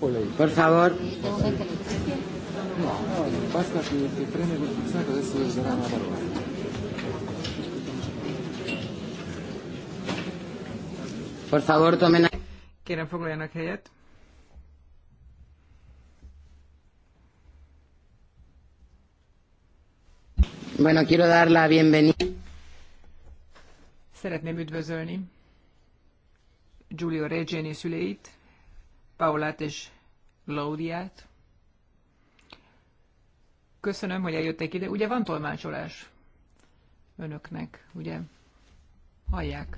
Por favor. Basta che ti preme quel pulsante adesso devi dare una parola. Por favor, tomen... Kérem foglaljanak helyet. Bueno, quiero dar la bienvenida. Szeretném üdvözölni Giulio Regeni szüleit, Paulát és Laudiát. Köszönöm, hogy eljöttek ide. Ugye van tolmácsolás önöknek, ugye? Hallják.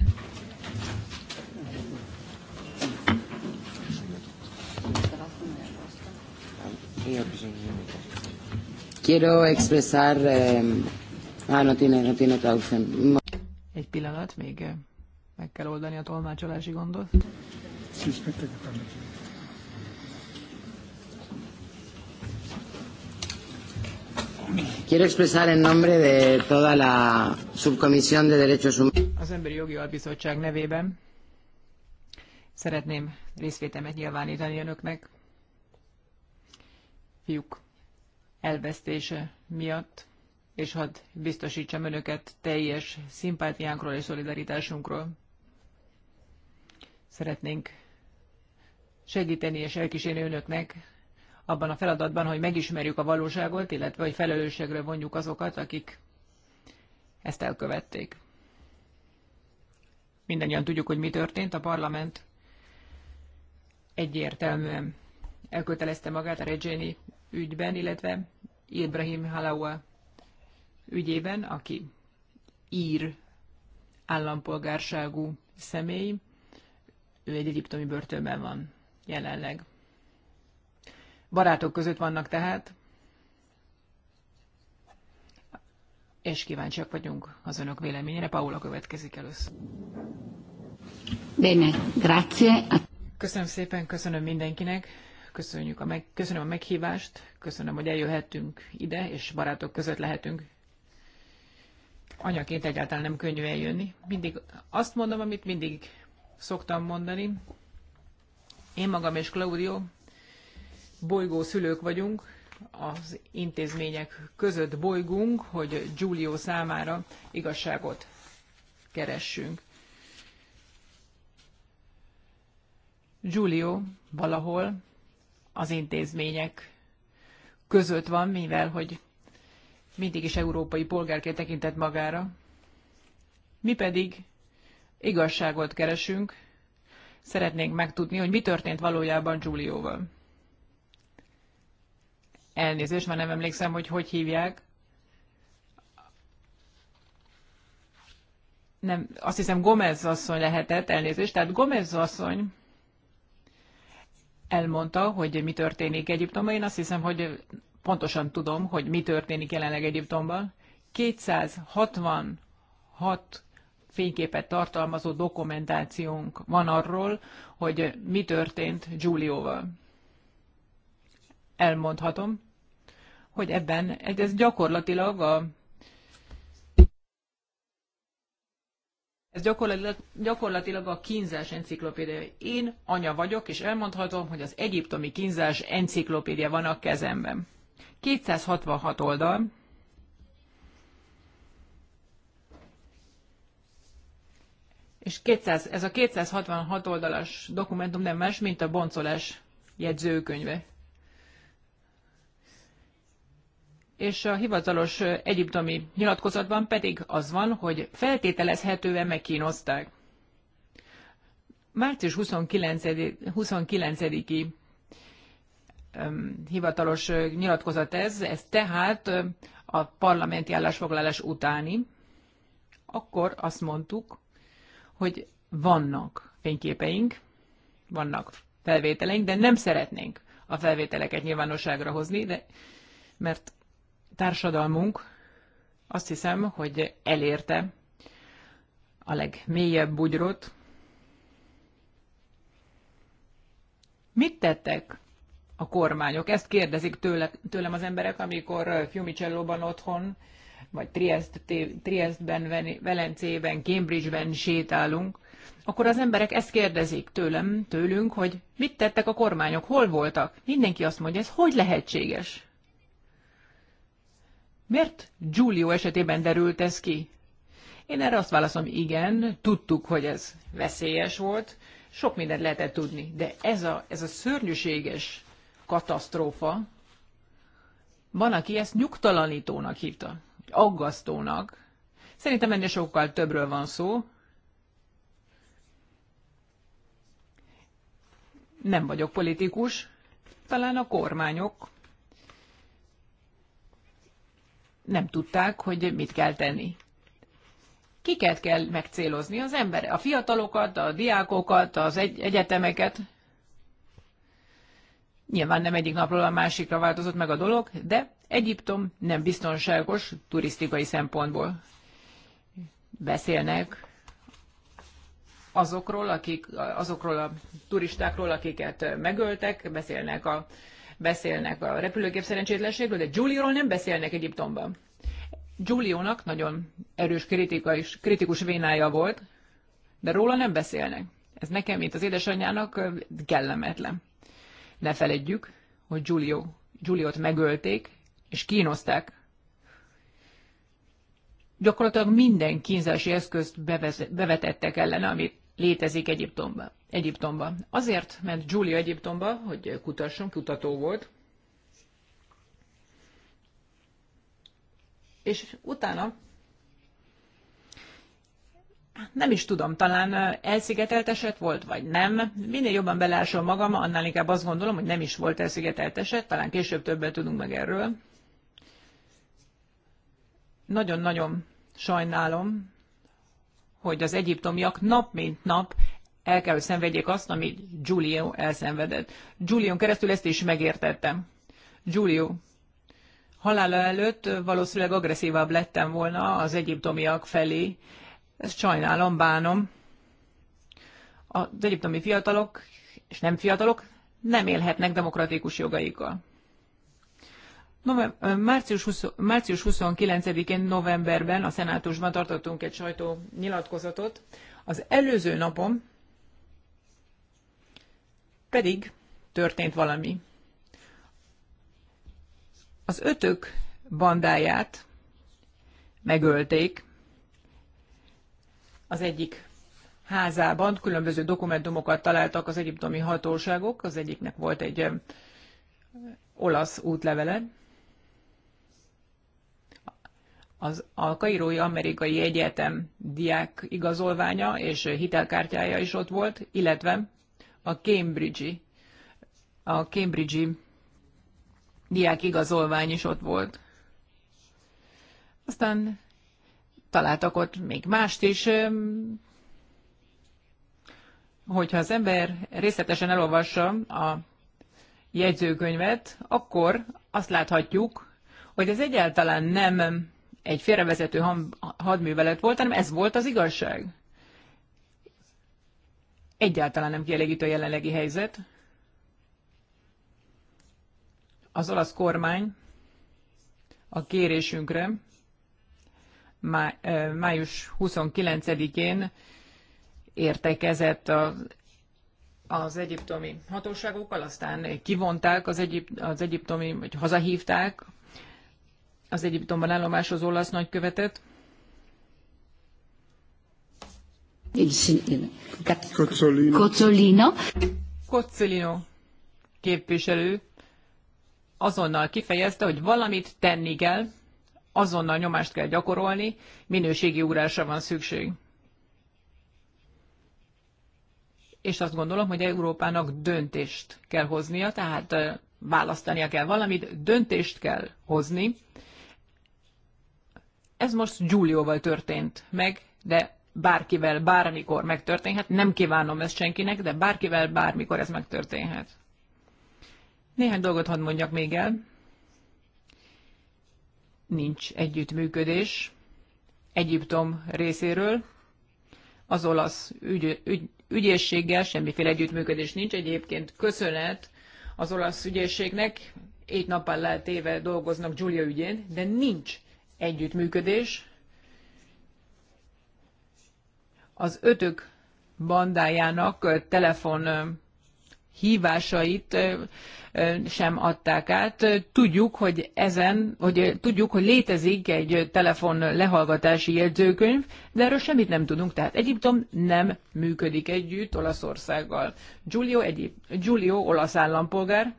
Quiero expresar... Eh, ah, no tiene, no tiene traducción. Egy pillanat, még meg kell oldani a tolmácsolási gondot. Suspecta que Quiero expresar en nombre de toda la Subcomisión de Derechos Humanos. Az Emberi Jogi Albizottság nevében szeretném részvétemet nyilvánítani önöknek. Fiúk elvesztése miatt, és hadd biztosítsam önöket teljes szimpátiánkról és szolidaritásunkról. Szeretnénk segíteni és elkísérni önöknek abban a feladatban, hogy megismerjük a valóságot, illetve hogy felelősségre vonjuk azokat, akik ezt elkövették. Mindennyian tudjuk, hogy mi történt. A parlament egyértelműen elkötelezte magát a Regeni ügyben, illetve Ibrahim Halawa ügyében, aki ír állampolgárságú személy, ő egy egyiptomi börtönben van jelenleg. Barátok között vannak tehát, és kíváncsiak vagyunk az önök véleményére. Paula következik először. Bene, grazie. Köszönöm szépen, köszönöm mindenkinek, köszönjük a meg, köszönöm a meghívást, köszönöm, hogy eljöhettünk ide, és barátok között lehetünk. Anyaként egyáltalán nem könnyű eljönni. Mindig azt mondom, amit mindig szoktam mondani. Én magam és Claudio bolygó szülők vagyunk, az intézmények között bolygunk, hogy Giulio számára igazságot keressünk. Giulio valahol az intézmények között van, mivel hogy mindig is európai polgárként tekintett magára. Mi pedig igazságot keresünk, szeretnénk megtudni, hogy mi történt valójában Giulioval elnézést, már nem emlékszem, hogy hogy hívják. Nem, azt hiszem Gomez asszony lehetett, elnézést. Tehát Gomez asszony elmondta, hogy mi történik Egyiptomban. Én azt hiszem, hogy pontosan tudom, hogy mi történik jelenleg Egyiptomban. 266 fényképet tartalmazó dokumentációnk van arról, hogy mi történt Giulioval elmondhatom, hogy ebben ez gyakorlatilag a Ez gyakorlatilag, gyakorlatilag a kínzás enciklopédia. Én anya vagyok, és elmondhatom, hogy az egyiptomi kínzás enciklopédia van a kezemben. 266 oldal. És 200, ez a 266 oldalas dokumentum nem más, mint a boncolás jegyzőkönyve. és a hivatalos egyiptomi nyilatkozatban pedig az van, hogy feltételezhetően megkínozták. Március 29-i hivatalos nyilatkozat ez, ez tehát a parlamenti állásfoglalás utáni, akkor azt mondtuk, hogy vannak fényképeink, vannak felvételeink, de nem szeretnénk a felvételeket nyilvánosságra hozni, de, mert társadalmunk azt hiszem, hogy elérte a legmélyebb bugyrot. Mit tettek a kormányok? Ezt kérdezik tőle, tőlem az emberek, amikor Fiumicellóban otthon, vagy Triest, Triestben, Velencében, Cambridgeben sétálunk, akkor az emberek ezt kérdezik tőlem, tőlünk, hogy mit tettek a kormányok, hol voltak? Mindenki azt mondja, ez hogy lehetséges? Miért Giulio esetében derült ez ki? Én erre azt válaszom, igen, tudtuk, hogy ez veszélyes volt, sok mindent lehetett tudni, de ez a, ez a szörnyűséges katasztrófa, van, aki ezt nyugtalanítónak hívta, aggasztónak. Szerintem ennél sokkal többről van szó. Nem vagyok politikus, talán a kormányok nem tudták, hogy mit kell tenni. Kiket kell megcélozni? Az ember, a fiatalokat, a diákokat, az egy- egyetemeket. Nyilván nem egyik napról a másikra változott meg a dolog, de Egyiptom nem biztonságos turisztikai szempontból. Beszélnek azokról, akik, azokról a turistákról, akiket megöltek, beszélnek a Beszélnek a repülőgép szerencsétlenségről, de Giulio-ról nem beszélnek Egyiptomban. Giulio-nak nagyon erős kritika kritikus vénája volt, de róla nem beszélnek. Ez nekem, mint az édesanyjának kellemetlen. Ne feledjük, hogy Giulio, Giulio-t megölték, és kínozták. Gyakorlatilag minden kínzási eszközt bevetettek ellene, amit létezik Egyiptomban. Egyiptomba. Azért ment Giulio Egyiptomba, hogy kutasson, kutató volt, és utána nem is tudom, talán elszigetelt eset volt, vagy nem. Minél jobban belásom magam, annál inkább azt gondolom, hogy nem is volt elszigetelt eset, talán később többet tudunk meg erről. Nagyon-nagyon sajnálom, hogy az egyiptomiak nap mint nap el kell, hogy szenvedjék azt, amit Giulio elszenvedett. Giulion keresztül ezt is megértettem. Giulio halála előtt valószínűleg agresszívabb lettem volna az egyiptomiak felé. Ezt sajnálom, bánom. Az egyiptomi fiatalok, és nem fiatalok, nem élhetnek demokratikus jogaikkal március, 20, március 29-én novemberben a szenátusban tartottunk egy sajtó nyilatkozatot. Az előző napon pedig történt valami. Az ötök bandáját megölték az egyik házában. Különböző dokumentumokat találtak az egyiptomi hatóságok. Az egyiknek volt egy olasz útlevele, az a Kairói Amerikai Egyetem diák igazolványa és hitelkártyája is ott volt, illetve a Cambridge-i a cambridge diák igazolvány is ott volt. Aztán találtak ott még mást is, hogyha az ember részletesen elolvassa a jegyzőkönyvet, akkor azt láthatjuk, hogy ez egyáltalán nem egy félrevezető hadművelet volt, hanem ez volt az igazság. Egyáltalán nem kielégítő a jelenlegi helyzet. Az olasz kormány a kérésünkre má, május 29-én értekezett a, az egyiptomi hatóságokkal, aztán kivonták az, egyip, az egyiptomi, vagy hazahívták az Egyiptomban állomásozó olasz nagykövetet. Kocolino. Kocolino képviselő azonnal kifejezte, hogy valamit tenni kell, azonnal nyomást kell gyakorolni, minőségi úrásra van szükség. És azt gondolom, hogy Európának döntést kell hoznia, tehát választania kell valamit, döntést kell hozni, ez most Giulioval történt meg, de bárkivel bármikor megtörténhet. Nem kívánom ezt senkinek, de bárkivel bármikor ez megtörténhet. Néhány dolgot hadd mondjak még el. Nincs együttműködés Egyiptom részéről. Az olasz ügy, ügy, ügyészséggel semmiféle együttműködés nincs. Egyébként köszönet az olasz ügyészségnek, egy nappal lehet éve dolgoznak Giulia ügyén, de nincs együttműködés. Az ötök bandájának telefon hívásait sem adták át. Tudjuk, hogy ezen, hogy tudjuk, hogy létezik egy telefon lehallgatási jegyzőkönyv, de erről semmit nem tudunk, tehát Egyiptom nem működik együtt Olaszországgal. Giulio, egyéb, Giulio olasz állampolgár,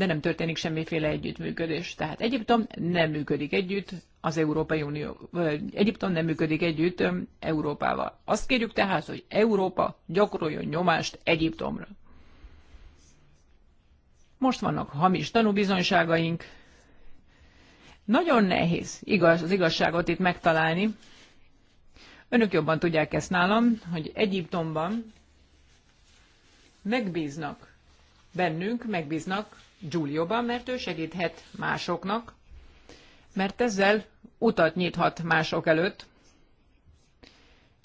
de nem történik semmiféle együttműködés. Tehát Egyiptom nem működik együtt az Európai Unió, Egyiptom nem működik együtt Európával. Azt kérjük tehát, hogy Európa gyakoroljon nyomást Egyiptomra. Most vannak hamis tanúbizonyságaink. Nagyon nehéz igaz, az igazságot itt megtalálni. Önök jobban tudják ezt nálam, hogy Egyiptomban megbíznak bennünk, megbíznak Giulioban, mert ő segíthet másoknak, mert ezzel utat nyithat mások előtt.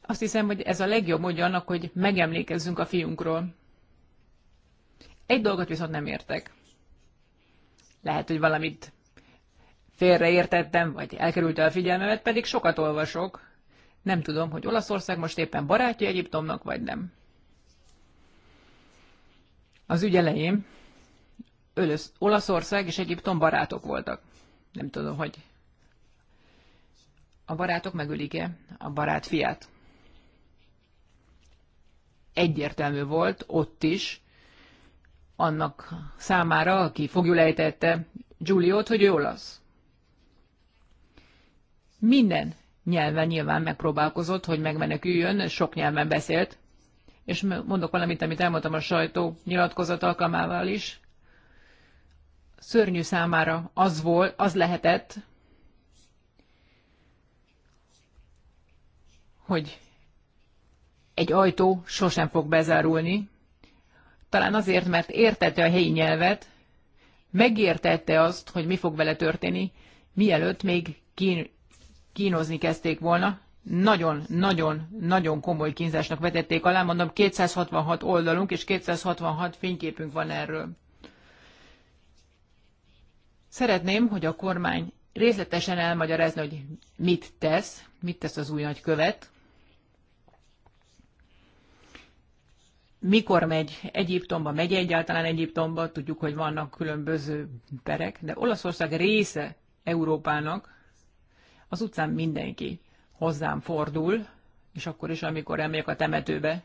Azt hiszem, hogy ez a legjobb módja annak, hogy megemlékezzünk a fiunkról. Egy dolgot viszont nem értek. Lehet, hogy valamit félreértettem, vagy el a figyelmemet, pedig sokat olvasok. Nem tudom, hogy Olaszország most éppen barátja Egyiptomnak, vagy nem. Az ügy elején Ölösz, Olaszország és Egyiptom barátok voltak. Nem tudom, hogy a barátok megölik-e a barát fiát. Egyértelmű volt ott is annak számára, aki fogjul ejtette Giuliót, hogy ő olasz. Minden nyelven nyilván megpróbálkozott, hogy megmeneküljön, sok nyelven beszélt, és mondok valamit, amit elmondtam a sajtó nyilatkozat alkalmával is, szörnyű számára az volt, az lehetett, hogy egy ajtó sosem fog bezárulni, talán azért, mert értette a helyi nyelvet, megértette azt, hogy mi fog vele történni, mielőtt még kín, kínozni kezdték volna. Nagyon, nagyon, nagyon komoly kínzásnak vetették alá, mondom, 266 oldalunk és 266 fényképünk van erről. Szeretném, hogy a kormány részletesen elmagyarázni, hogy mit tesz, mit tesz az új nagykövet, mikor megy Egyiptomba, megy egyáltalán Egyiptomba, tudjuk, hogy vannak különböző perek, de Olaszország része Európának, az utcán mindenki hozzám fordul, és akkor is, amikor elmegyek a temetőbe,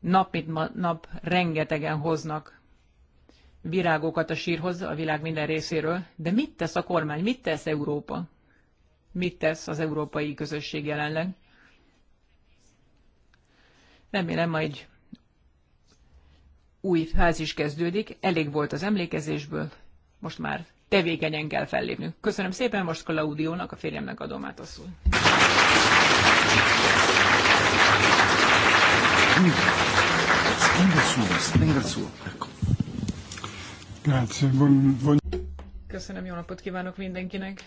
nap mint nap rengetegen hoznak virágokat a sírhoz a világ minden részéről, de mit tesz a kormány, mit tesz Európa? Mit tesz az európai közösség jelenleg? Remélem majd új ház is kezdődik, elég volt az emlékezésből, most már tevékenyen kell fellépnünk. Köszönöm szépen, most Klaudiónak, a férjemnek adom át a szót. Spengler szó. Spengler szóra, ecco. Grazie, buon, buon... Köszönöm, jó napot kívánok mindenkinek.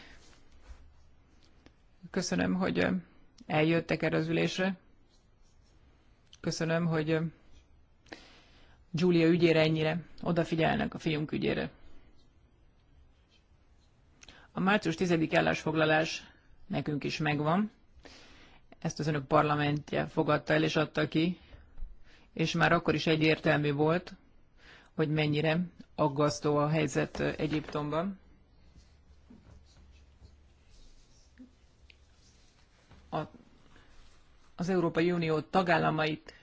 Köszönöm, hogy eljöttek erre az ülésre. Köszönöm, hogy Julia ügyére ennyire odafigyelnek a fiunk ügyére. A március 10. állásfoglalás nekünk is megvan. Ezt az önök parlamentje fogadta el és adta ki, és már akkor is egyértelmű volt, hogy mennyire aggasztó a helyzet Egyiptomban. A, az Európai Unió tagállamait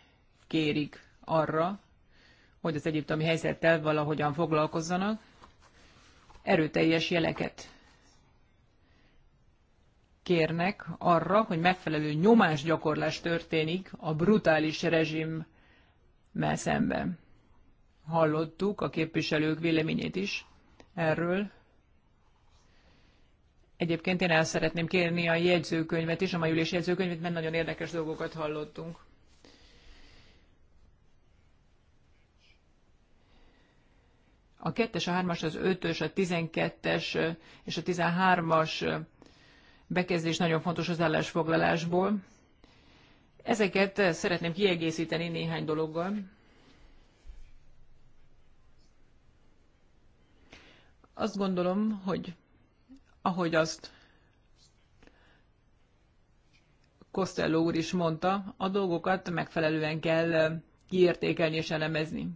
kérik arra, hogy az egyiptomi helyzettel valahogyan foglalkozzanak, erőteljes jeleket kérnek arra, hogy megfelelő nyomásgyakorlás történik a brutális rezsimmel szemben hallottuk a képviselők véleményét is erről. Egyébként én el szeretném kérni a jegyzőkönyvet is, a mai ülés jegyzőkönyvet, mert nagyon érdekes dolgokat hallottunk. A 2-es, a 3-as, az 5-ös, a 12-es és a 13-as bekezdés nagyon fontos az állásfoglalásból. Ezeket szeretném kiegészíteni néhány dologgal. Azt gondolom, hogy ahogy azt Costello úr is mondta, a dolgokat megfelelően kell kiértékelni és elemezni.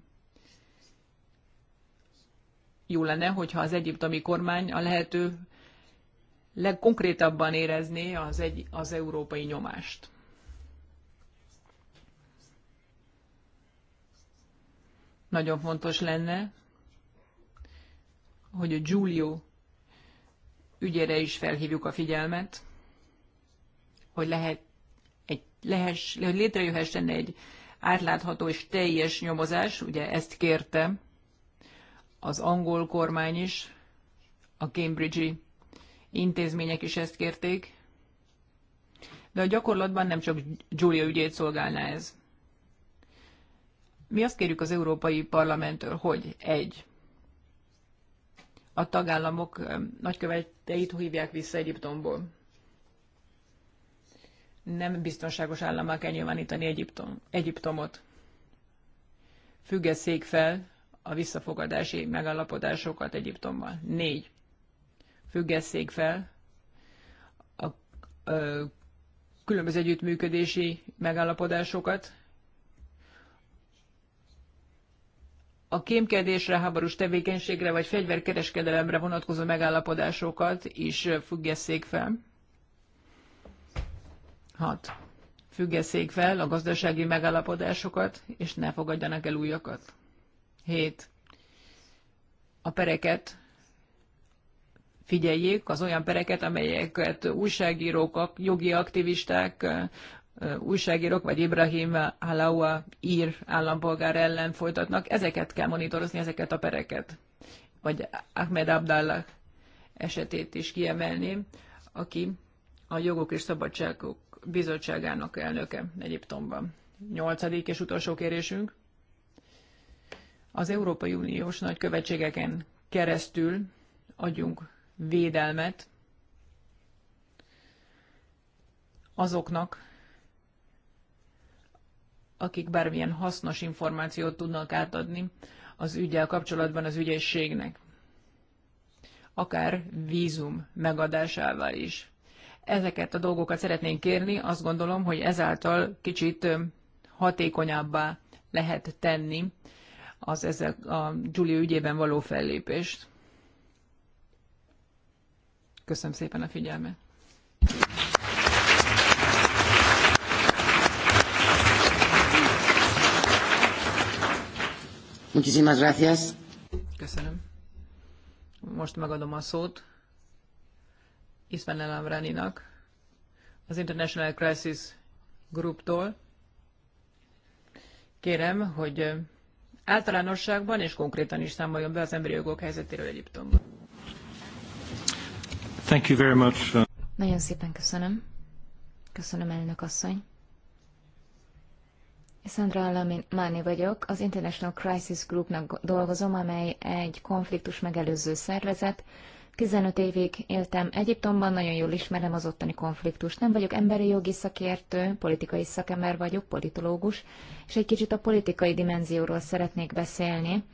Jó lenne, hogyha az egyiptomi kormány a lehető legkonkrétabban érezné az, egy, az európai nyomást. Nagyon fontos lenne, hogy a Giulio ügyére is felhívjuk a figyelmet, hogy lehet egy, lehess, hogy létrejöhessen egy átlátható és teljes nyomozás, ugye ezt kérte az angol kormány is, a Cambridge-i intézmények is ezt kérték, de a gyakorlatban nem csak Giulia ügyét szolgálná ez. Mi azt kérjük az Európai Parlamenttől, hogy egy, a tagállamok nagyköveteit hívják vissza Egyiptomból. Nem biztonságos állammal kell nyilvánítani Egyiptom, Egyiptomot. Függesszék fel a visszafogadási megállapodásokat Egyiptommal. Négy. Függesszék fel a, a, a különböző együttműködési megállapodásokat a kémkedésre, háborús tevékenységre vagy fegyverkereskedelemre vonatkozó megállapodásokat is függesszék fel. 6. Függesszék fel a gazdasági megállapodásokat, és ne fogadjanak el újakat. 7. A pereket figyeljék, az olyan pereket, amelyeket újságírók, jogi aktivisták, újságírók, vagy Ibrahim Halawa ír állampolgár ellen folytatnak, ezeket kell monitorozni, ezeket a pereket. Vagy Ahmed Abdallah esetét is kiemelném, aki a Jogok és Szabadságok Bizottságának elnöke Egyiptomban. Nyolcadik és utolsó kérésünk. Az Európai Uniós nagykövetségeken keresztül adjunk védelmet azoknak, akik bármilyen hasznos információt tudnak átadni az ügyel kapcsolatban az ügyészségnek. Akár vízum megadásával is. Ezeket a dolgokat szeretnénk kérni, azt gondolom, hogy ezáltal kicsit hatékonyabbá lehet tenni az ezek a Giulia ügyében való fellépést. Köszönöm szépen a figyelmet! Muchísimas gracias. Köszönöm. Most megadom a szót Ismail Amraninak, az International Crisis Grouptól. Kérem, hogy általánosságban és konkrétan is számoljon be az emberi jogok helyzetéről Egyiptomban. Thank you very much. Nagyon szépen köszönöm. Köszönöm, elnök asszony. Sandra máni vagyok, az International Crisis Groupnak dolgozom, amely egy konfliktus megelőző szervezet. 15 évig éltem Egyiptomban, nagyon jól ismerem az ottani konfliktust. Nem vagyok emberi jogi szakértő, politikai szakember vagyok, politológus, és egy kicsit a politikai dimenzióról szeretnék beszélni.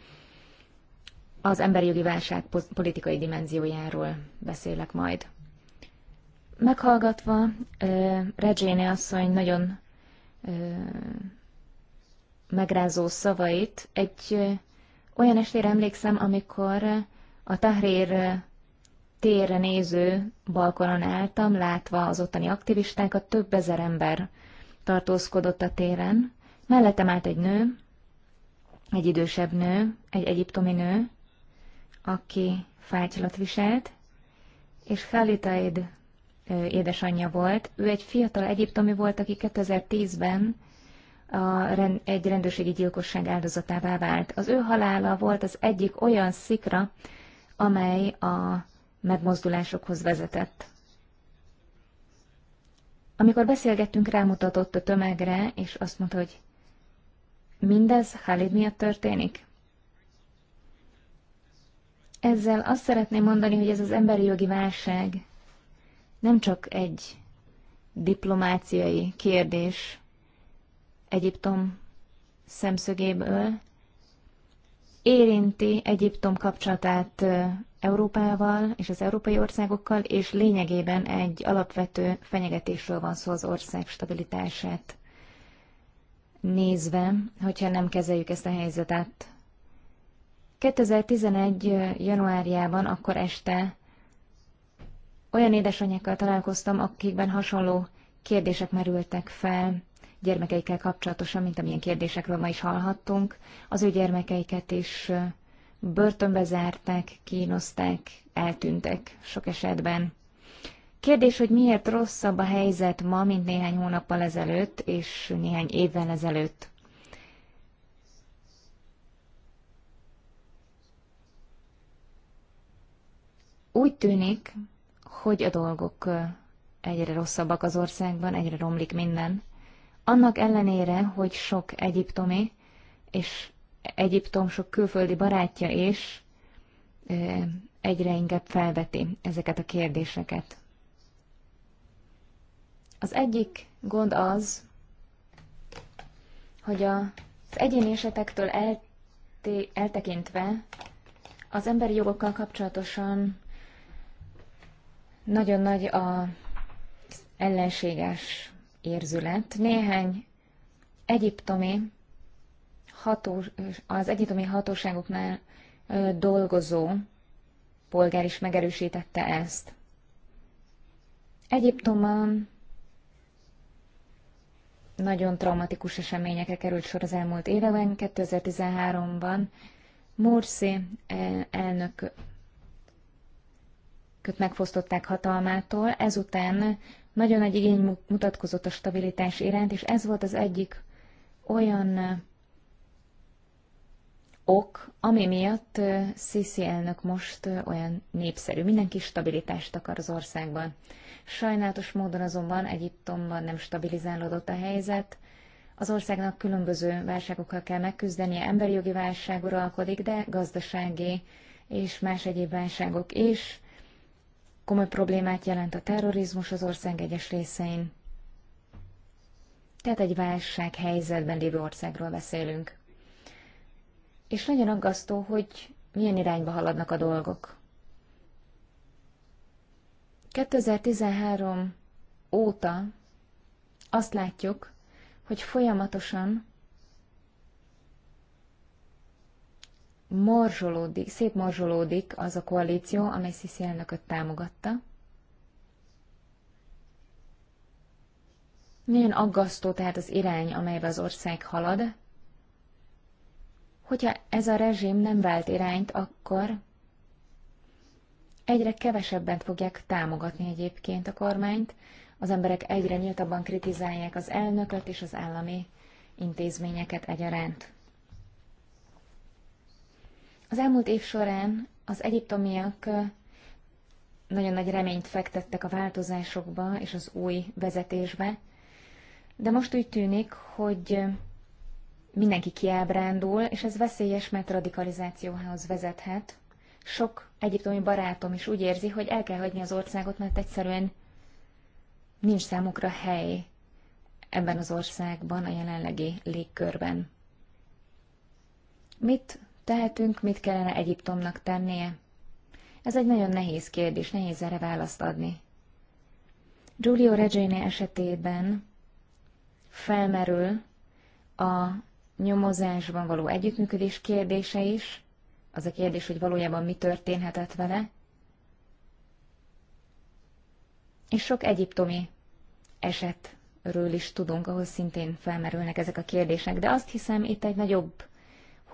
Az emberi jogi válság politikai dimenziójáról beszélek majd. Meghallgatva, uh, Regéne asszony nagyon megrázó szavait. Egy olyan estére emlékszem, amikor a Tahrir térre néző balkonon álltam, látva az ottani aktivistákat, több ezer ember tartózkodott a téren. Mellettem állt egy nő, egy idősebb nő, egy egyiptomi nő, aki fátylat viselt, és Felitaid édesanyja volt. Ő egy fiatal egyiptomi volt, aki 2010-ben a, egy rendőrségi gyilkosság áldozatává vált. Az ő halála volt az egyik olyan szikra, amely a megmozdulásokhoz vezetett. Amikor beszélgettünk, rámutatott a tömegre, és azt mondta, hogy mindez Khalid miatt történik. Ezzel azt szeretném mondani, hogy ez az emberi jogi válság nem csak egy diplomáciai kérdés, Egyiptom szemszögéből, érinti Egyiptom kapcsolatát Európával és az európai országokkal, és lényegében egy alapvető fenyegetésről van szó az ország stabilitását nézve, hogyha nem kezeljük ezt a helyzetet. 2011. januárjában, akkor este olyan édesanyákkal találkoztam, akikben hasonló kérdések merültek fel gyermekeikkel kapcsolatosan, mint amilyen kérdésekről ma is hallhattunk. Az ő gyermekeiket is börtönbe zárták, kínozták, eltűntek sok esetben. Kérdés, hogy miért rosszabb a helyzet ma, mint néhány hónappal ezelőtt és néhány évvel ezelőtt. Úgy tűnik, hogy a dolgok egyre rosszabbak az országban, egyre romlik minden. Annak ellenére, hogy sok egyiptomi, és Egyiptom sok külföldi barátja is egyre inkább felveti ezeket a kérdéseket. Az egyik gond az, hogy az egyéni esetektől eltekintve az emberi jogokkal kapcsolatosan nagyon nagy a ellenséges érzület. Néhány egyiptomi hatós, az egyiptomi hatóságoknál dolgozó polgár is megerősítette ezt. Egyiptomban nagyon traumatikus eseményekre került sor az elmúlt években. 2013-ban Morsi elnök megfosztották hatalmától, ezután nagyon nagy igény mutatkozott a stabilitás iránt, és ez volt az egyik olyan ok, ami miatt Sisi elnök most olyan népszerű. Mindenki stabilitást akar az országban. Sajnálatos módon azonban Egyiptomban nem stabilizálódott a helyzet. Az országnak különböző válságokkal kell megküzdenie, emberi jogi válság uralkodik, de gazdasági és más egyéb válságok is komoly problémát jelent a terrorizmus az ország egyes részein. Tehát egy válsághelyzetben lévő országról beszélünk. És nagyon aggasztó, hogy milyen irányba haladnak a dolgok. 2013 óta azt látjuk, hogy folyamatosan morzsolódik, szép morzsolódik az a koalíció, amely Sziszi elnököt támogatta. Milyen aggasztó tehát az irány, amelybe az ország halad. Hogyha ez a rezsim nem vált irányt, akkor egyre kevesebben fogják támogatni egyébként a kormányt, az emberek egyre nyíltabban kritizálják az elnököt és az állami intézményeket egyaránt. Az elmúlt év során az egyiptomiak nagyon nagy reményt fektettek a változásokba és az új vezetésbe, de most úgy tűnik, hogy mindenki kiábrándul, és ez veszélyes, mert radikalizációhoz vezethet. Sok egyiptomi barátom is úgy érzi, hogy el kell hagyni az országot, mert egyszerűen nincs számukra hely ebben az országban, a jelenlegi légkörben. Mit tehetünk, mit kellene Egyiptomnak tennie? Ez egy nagyon nehéz kérdés, nehéz erre választ adni. Giulio Regini esetében felmerül a nyomozásban való együttműködés kérdése is, az a kérdés, hogy valójában mi történhetett vele, és sok egyiptomi esetről is tudunk, ahol szintén felmerülnek ezek a kérdések, de azt hiszem, itt egy nagyobb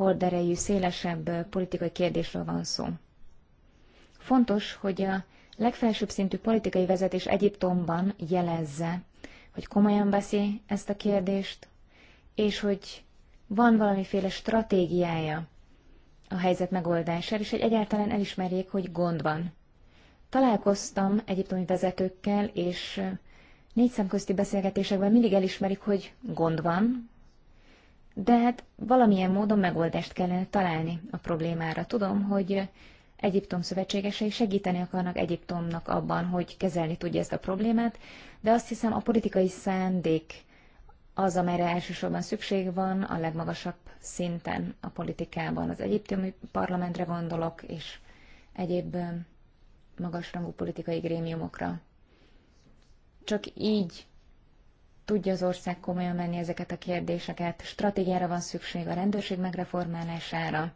horderejű, szélesebb politikai kérdésről van szó. Fontos, hogy a legfelsőbb szintű politikai vezetés Egyiptomban jelezze, hogy komolyan veszi ezt a kérdést, és hogy van valamiféle stratégiája a helyzet megoldására, és hogy egyáltalán elismerjék, hogy gond van. Találkoztam egyiptomi vezetőkkel, és négy szemközti beszélgetésekben mindig elismerik, hogy gond van, de hát valamilyen módon megoldást kellene találni a problémára. Tudom, hogy Egyiptom szövetségesei segíteni akarnak Egyiptomnak abban, hogy kezelni tudja ezt a problémát, de azt hiszem a politikai szándék az, amelyre elsősorban szükség van a legmagasabb szinten a politikában. Az egyiptomi parlamentre gondolok, és egyéb magasrangú politikai grémiumokra. Csak így tudja az ország komolyan menni ezeket a kérdéseket. Stratégiára van szükség a rendőrség megreformálására,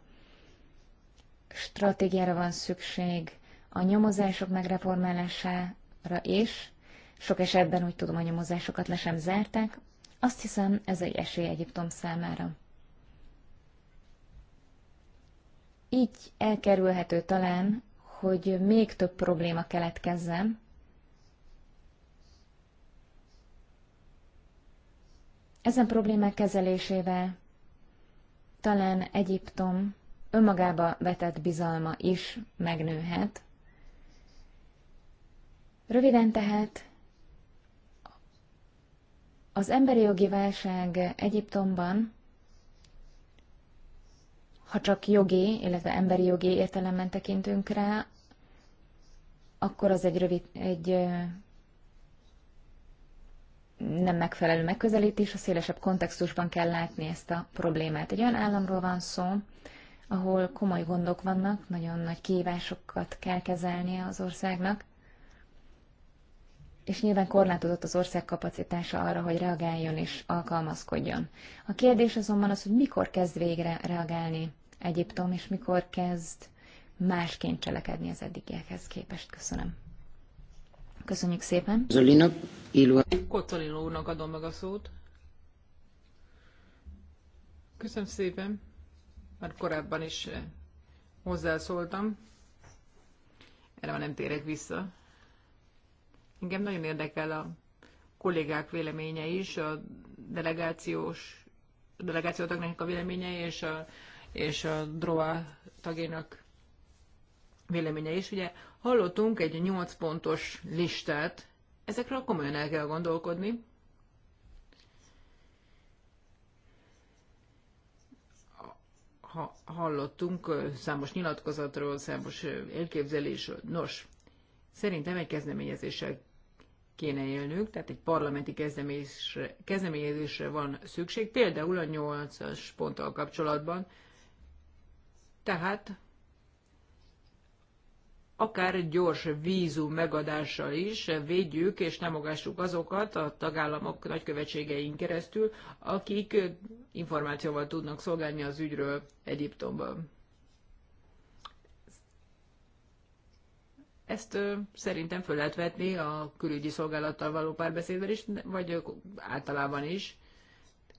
stratégiára van szükség a nyomozások megreformálására is. Sok esetben úgy tudom, a nyomozásokat le sem zárták. Azt hiszem, ez egy esély Egyiptom számára. Így elkerülhető talán, hogy még több probléma keletkezzen, Ezen problémák kezelésével talán Egyiptom önmagába vetett bizalma is megnőhet. Röviden tehát az emberi jogi válság Egyiptomban, ha csak jogi, illetve emberi jogi értelemben tekintünk rá, akkor az egy, rövid, egy nem megfelelő megközelítés, a szélesebb kontextusban kell látni ezt a problémát. Egy olyan államról van szó, ahol komoly gondok vannak, nagyon nagy kihívásokat kell kezelnie az országnak, és nyilván korlátozott az ország kapacitása arra, hogy reagáljon és alkalmazkodjon. A kérdés azonban az, hogy mikor kezd végre reagálni Egyiptom, és mikor kezd másként cselekedni az eddigiekhez képest. Köszönöm. Köszönjük szépen. Zolinak, Ilva. Kocolino úrnak adom meg a szót. Köszönöm szépen. Már korábban is eh, hozzászóltam. Erre már nem térek vissza. Engem nagyon érdekel a kollégák véleménye is, a delegációs a delegáció tagjának a véleménye és a, és a DROA tagjának véleménye is. Ugye Hallottunk egy 8 pontos listát, ezekről komolyan el kell gondolkodni. Ha hallottunk számos nyilatkozatról, számos elképzelésről. Nos, szerintem egy kezdeményezéssel kéne élnünk, tehát egy parlamenti kezdeményezésre, kezdeményezésre van szükség, például a 8-as ponttal kapcsolatban. Tehát akár gyors vízum megadással is védjük és támogassuk azokat a tagállamok nagykövetségein keresztül, akik információval tudnak szolgálni az ügyről Egyiptomban. Ezt szerintem föl lehet vetni a külügyi szolgálattal való párbeszédben is, vagy általában is.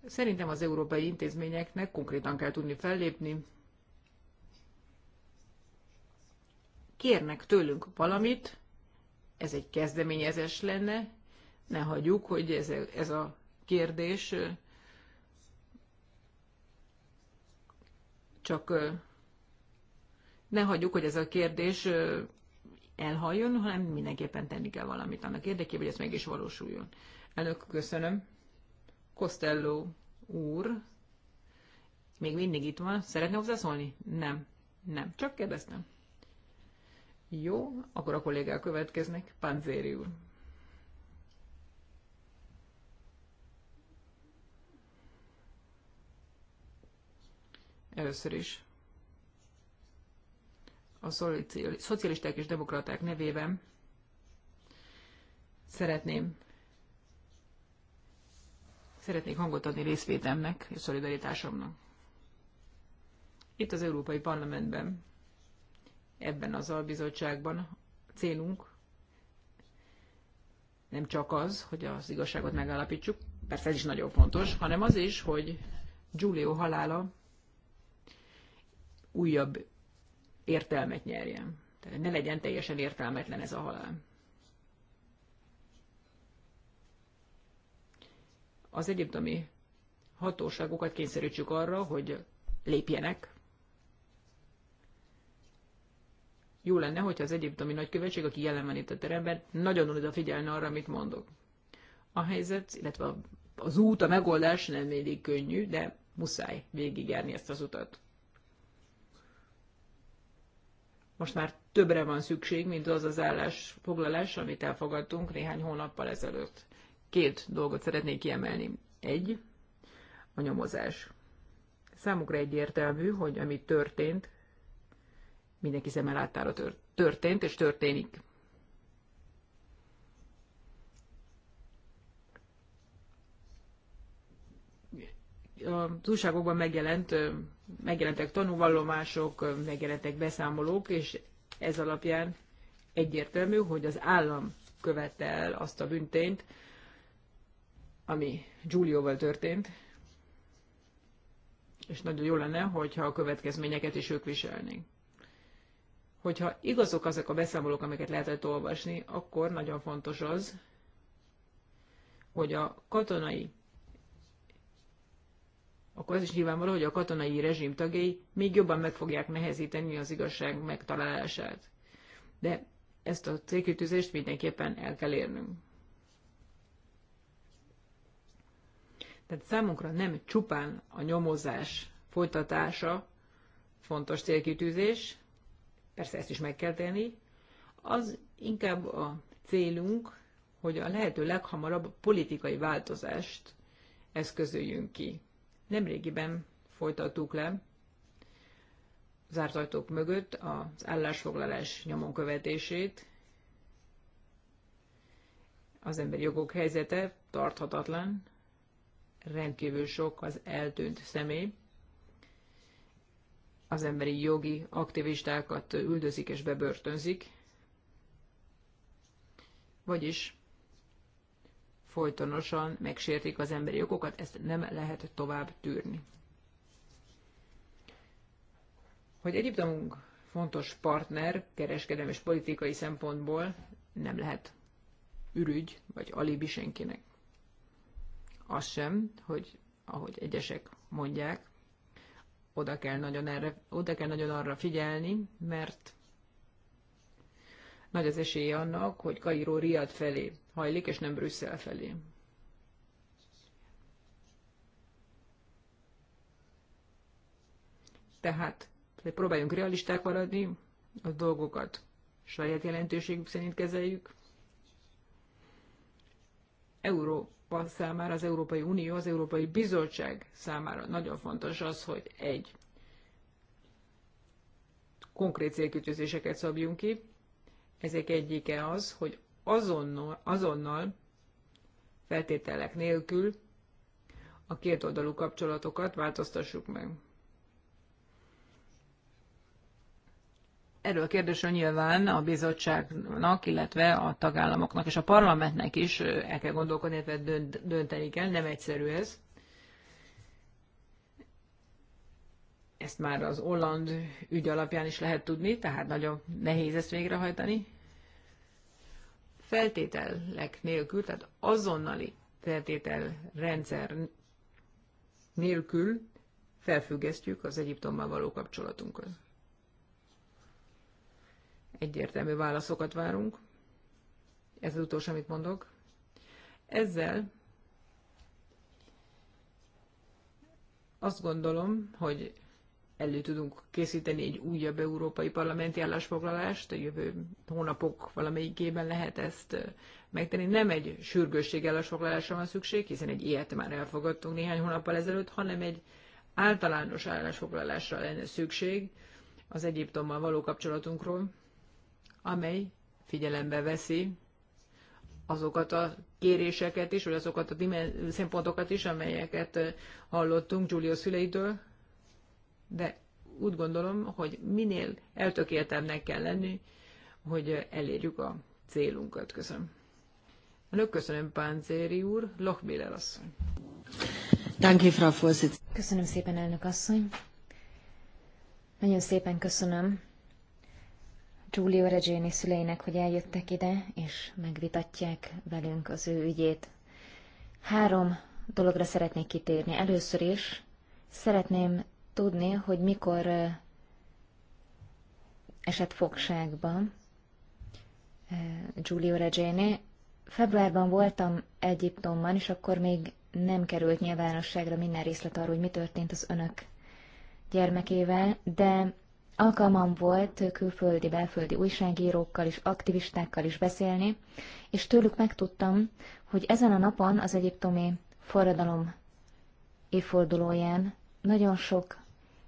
Szerintem az európai intézményeknek konkrétan kell tudni fellépni, kérnek tőlünk valamit, ez egy kezdeményezés lenne, ne hagyjuk, hogy ez, ez a kérdés csak ne hagyjuk, hogy ez a kérdés elhaljon, hanem mindenképpen tenni kell valamit annak érdekében, hogy ez meg is valósuljon. Elnök, köszönöm. Costello úr, még mindig itt van. Szeretne hozzászólni? Nem. Nem. Csak kérdeztem. Jó, akkor a kollégák következnek. Panzéri úr. Először is a szocialisták és demokraták nevében szeretném szeretnék hangot adni részvétemnek és szolidaritásomnak. Itt az Európai Parlamentben ebben az albizottságban célunk nem csak az, hogy az igazságot megállapítsuk, persze ez is nagyon fontos, hanem az is, hogy Giulio halála újabb értelmet nyerjen. Tehát ne legyen teljesen értelmetlen ez a halál. Az egyiptomi hatóságokat kényszerítsük arra, hogy lépjenek, Jó lenne, hogyha az egyiptomi nagykövetség, aki jelen van itt a teremben, nagyon odafigyelne arra, amit mondok. A helyzet, illetve az út, a megoldás nem mindig könnyű, de muszáj végigjárni ezt az utat. Most már többre van szükség, mint az az állásfoglalás, amit elfogadtunk néhány hónappal ezelőtt. Két dolgot szeretnék kiemelni. Egy, a nyomozás. Számukra egyértelmű, hogy ami történt, mindenki szemmel láttára történt és történik. A túlságokban megjelent, megjelentek tanúvallomások, megjelentek beszámolók, és ez alapján egyértelmű, hogy az állam követte el azt a büntényt, ami Giulioval történt, és nagyon jó lenne, hogyha a következményeket is ők viselnénk hogyha igazok azok a beszámolók, amiket lehetett olvasni, akkor nagyon fontos az, hogy a katonai, akkor az is nyilvánvaló, hogy a katonai rezsim tagjai még jobban meg fogják nehezíteni az igazság megtalálását. De ezt a célkütőzést mindenképpen el kell érnünk. Tehát számunkra nem csupán a nyomozás folytatása fontos célkitűzés, Persze ezt is meg kell tenni. Az inkább a célunk, hogy a lehető leghamarabb politikai változást eszközöljünk ki. Nemrégiben folytattuk le zárt ajtók mögött az állásfoglalás nyomon követését. Az emberi jogok helyzete tarthatatlan, rendkívül sok az eltűnt személy az emberi jogi aktivistákat üldözik és bebörtönzik, vagyis folytonosan megsértik az emberi jogokat, ezt nem lehet tovább tűrni. Hogy Egyiptomunk fontos partner kereskedelmi és politikai szempontból nem lehet ürügy vagy alibi senkinek. Az sem, hogy ahogy egyesek mondják, oda kell nagyon, erre, oda kell nagyon arra figyelni, mert nagy az esély annak, hogy Kairó Riad felé hajlik, és nem Brüsszel felé. Tehát próbáljunk realisták maradni, a dolgokat saját jelentőségük szerint kezeljük. Euró Európa számára, az Európai Unió, az Európai Bizottság számára nagyon fontos az, hogy egy konkrét célkütőzéseket szabjunk ki. Ezek egyike az, hogy azonnal, azonnal feltételek nélkül a két oldalú kapcsolatokat változtassuk meg. Erről a kérdésről nyilván a bizottságnak, illetve a tagállamoknak és a parlamentnek is el kell gondolkodni, illetve dönteni kell, nem egyszerű ez. Ezt már az Holland ügy alapján is lehet tudni, tehát nagyon nehéz ezt végrehajtani. Feltételek nélkül, tehát azonnali feltételrendszer nélkül felfüggesztjük az Egyiptommal való kapcsolatunkat. Egyértelmű válaszokat várunk. Ez az utolsó, amit mondok. Ezzel azt gondolom, hogy elő tudunk készíteni egy újabb európai parlamenti állásfoglalást, a jövő hónapok valamelyikében lehet ezt megtenni. Nem egy sürgősség állásfoglalásra van szükség, hiszen egy ilyet már elfogadtunk néhány hónappal ezelőtt, hanem egy általános állásfoglalásra lenne szükség az Egyiptommal való kapcsolatunkról amely figyelembe veszi azokat a kéréseket is, vagy azokat a szempontokat is, amelyeket hallottunk Giulio szüleitől, de úgy gondolom, hogy minél eltökéltebbnek kell lenni, hogy elérjük a célunkat. Köszönöm. Önök köszönöm, Páncéri úr, Miller asszony. Köszönöm szépen, elnök asszony. Nagyon szépen köszönöm Giulio Regeni szüleinek, hogy eljöttek ide, és megvitatják velünk az ő ügyét. Három dologra szeretnék kitérni. Először is szeretném tudni, hogy mikor esett fogságba Giulio Regeni. Februárban voltam Egyiptomban, és akkor még nem került nyilvánosságra minden részlet arról, hogy mi történt az önök gyermekével, de Alkalmam volt külföldi, belföldi újságírókkal és aktivistákkal is beszélni, és tőlük megtudtam, hogy ezen a napon az egyiptomi forradalom évfordulóján nagyon sok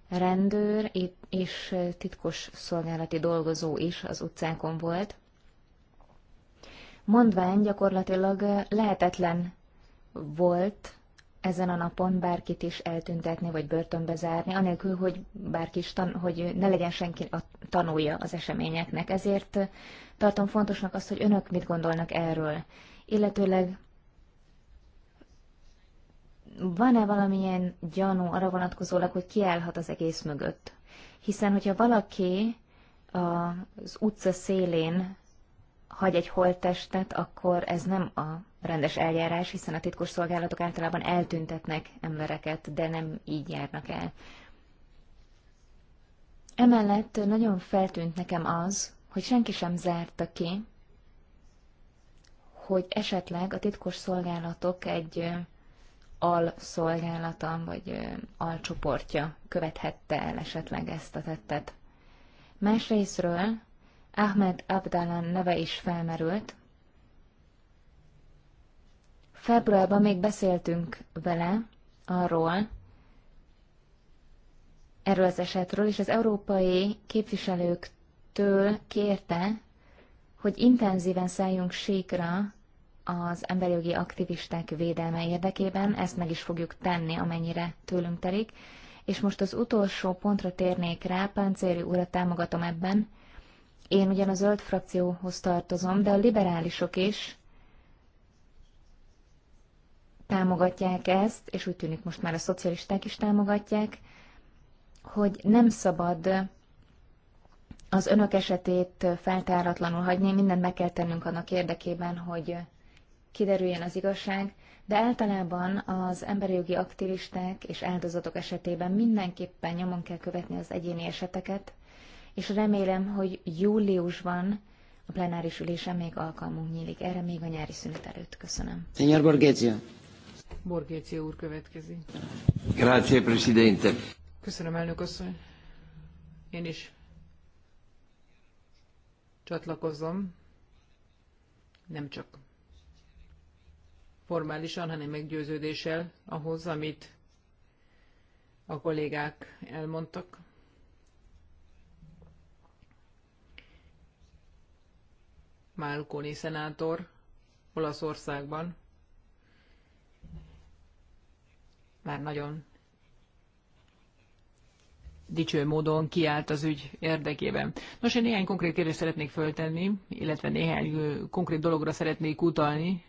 rendőr és titkos szolgálati dolgozó is az utcákon volt. Mondván gyakorlatilag lehetetlen volt ezen a napon bárkit is eltüntetni, vagy börtönbe zárni, anélkül, hogy bárki is tan- hogy ne legyen senki a tanulja az eseményeknek. Ezért tartom fontosnak azt, hogy önök mit gondolnak erről. Illetőleg van-e valamilyen gyanú arra vonatkozólag, hogy kiállhat az egész mögött? Hiszen, hogyha valaki az utca szélén hagy egy holttestet, akkor ez nem a rendes eljárás, hiszen a titkos szolgálatok általában eltüntetnek embereket, de nem így járnak el. Emellett nagyon feltűnt nekem az, hogy senki sem zárta ki, hogy esetleg a titkos szolgálatok egy alszolgálata vagy alcsoportja követhette el esetleg ezt a tettet. Másrésztről Ahmed Abdalan neve is felmerült. Februárban még beszéltünk vele arról, erről az esetről, és az európai képviselőktől kérte, hogy intenzíven szálljunk síkra az emberi jogi aktivisták védelme érdekében, ezt meg is fogjuk tenni, amennyire tőlünk telik. És most az utolsó pontra térnék rá, Páncéri úrat támogatom ebben, én ugyan a zöld frakcióhoz tartozom, de a liberálisok is támogatják ezt, és úgy tűnik most már a szocialisták is támogatják, hogy nem szabad az önök esetét feltáratlanul hagyni, mindent meg kell tennünk annak érdekében, hogy kiderüljön az igazság, de általában az emberi jogi aktivisták és áldozatok esetében mindenképpen nyomon kell követni az egyéni eseteket, és remélem, hogy júliusban a plenáris ülésen még alkalmunk nyílik erre, még a nyári szünet előtt. Köszönöm. Señor Borgézio. Borgézio úr következik. Grazie, Presidente. Köszönöm, elnök asszony. Én is csatlakozom, nem csak formálisan, hanem meggyőződéssel ahhoz, amit a kollégák elmondtak. Málkoni szenátor Olaszországban már nagyon dicső módon kiállt az ügy érdekében. Nos, én néhány konkrét kérdést szeretnék föltenni, illetve néhány konkrét dologra szeretnék utalni.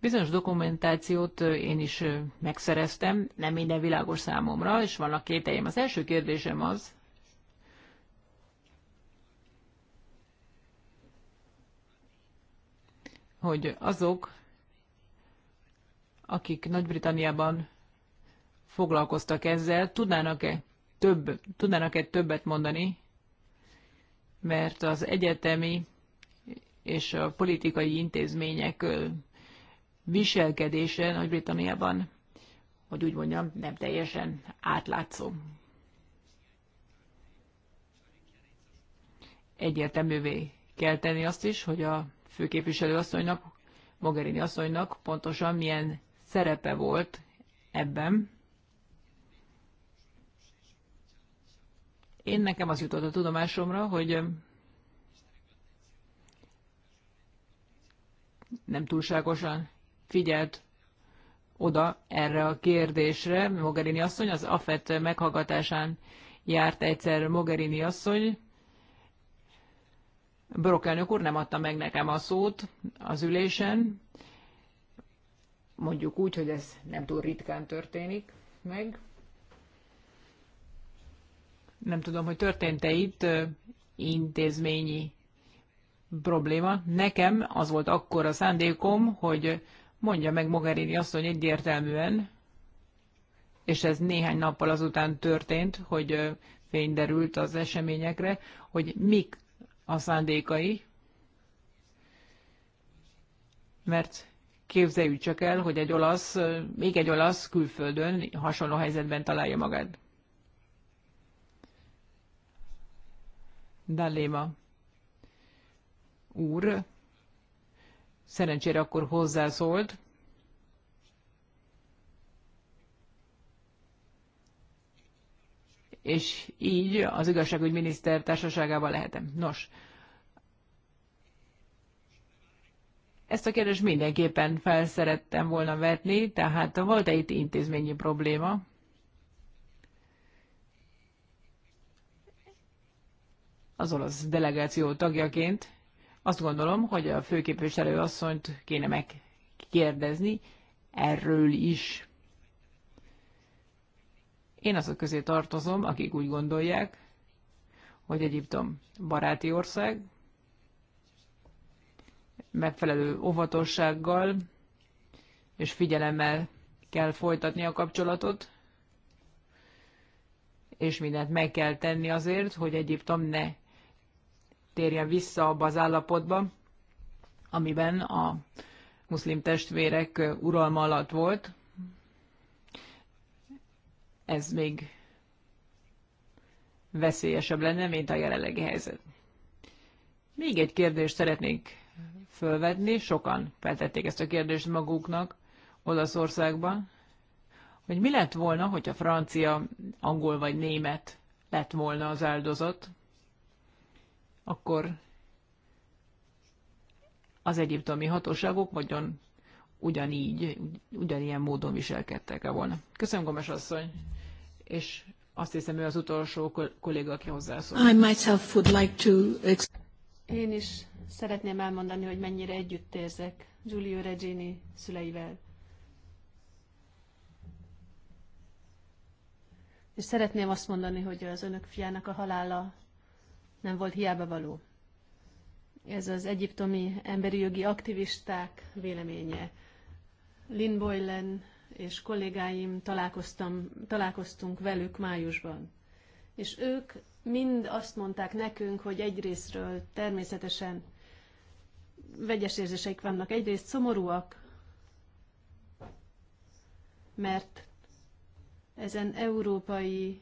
Bizonyos dokumentációt én is megszereztem, nem minden világos számomra, és vannak kételjem. Az első kérdésem az, hogy azok, akik Nagy-Britanniában foglalkoztak ezzel, tudnának-e több, tudnának-e többet mondani, mert az egyetemi és a politikai intézmények viselkedése Nagy-Britanniában, hogy úgy mondjam, nem teljesen átlátszó. Egyértelművé kell tenni azt is, hogy a főképviselő asszonynak, Mogherini asszonynak pontosan milyen szerepe volt ebben. Én nekem az jutott a tudomásomra, hogy um, nem túlságosan figyelt oda erre a kérdésre. Mogherini asszony az AFET meghallgatásán járt egyszer Mogherini asszony, Brok elnök úr nem adta meg nekem a szót az ülésen, mondjuk úgy, hogy ez nem túl ritkán történik meg. Nem tudom, hogy történt-e itt intézményi probléma. Nekem az volt akkor a szándékom, hogy mondja meg Mogherini hogy egyértelműen, és ez néhány nappal azután történt, hogy fény derült az eseményekre, hogy mik a szándékai, mert képzeljük csak el, hogy egy olasz, még egy olasz külföldön hasonló helyzetben találja magát. Dalléma úr szerencsére akkor hozzászólt, és így az igazságügyminiszter társaságában lehetem. Nos, ezt a kérdést mindenképpen felszerettem volna vetni, tehát volt -e itt intézményi probléma? Az olasz delegáció tagjaként azt gondolom, hogy a főképviselő asszonyt kéne megkérdezni erről is. Én azok közé tartozom, akik úgy gondolják, hogy Egyiptom baráti ország, megfelelő óvatossággal és figyelemmel kell folytatni a kapcsolatot, és mindent meg kell tenni azért, hogy Egyiptom ne térjen vissza abba az állapotba, amiben a muszlim testvérek uralma alatt volt ez még veszélyesebb lenne, mint a jelenlegi helyzet. Még egy kérdést szeretnék fölvetni, sokan feltették ezt a kérdést maguknak Olaszországban, hogy mi lett volna, hogyha francia, angol vagy német lett volna az áldozat, akkor az egyiptomi hatóságok vagyon ugyanígy, ugyanilyen módon viselkedtek -e volna. Köszönöm, Gomes asszony! és azt hiszem ő az utolsó kolléga, aki hozzászól. I myself would like to... Én is szeretném elmondani, hogy mennyire együtt érzek Giulio Regini szüleivel. És szeretném azt mondani, hogy az önök fiának a halála nem volt hiába való. Ez az egyiptomi emberi jogi aktivisták véleménye. Lynn Boylan és kollégáim találkoztam, találkoztunk velük májusban. És ők mind azt mondták nekünk, hogy egyrésztről természetesen vegyes érzéseik vannak. Egyrészt szomorúak, mert ezen európai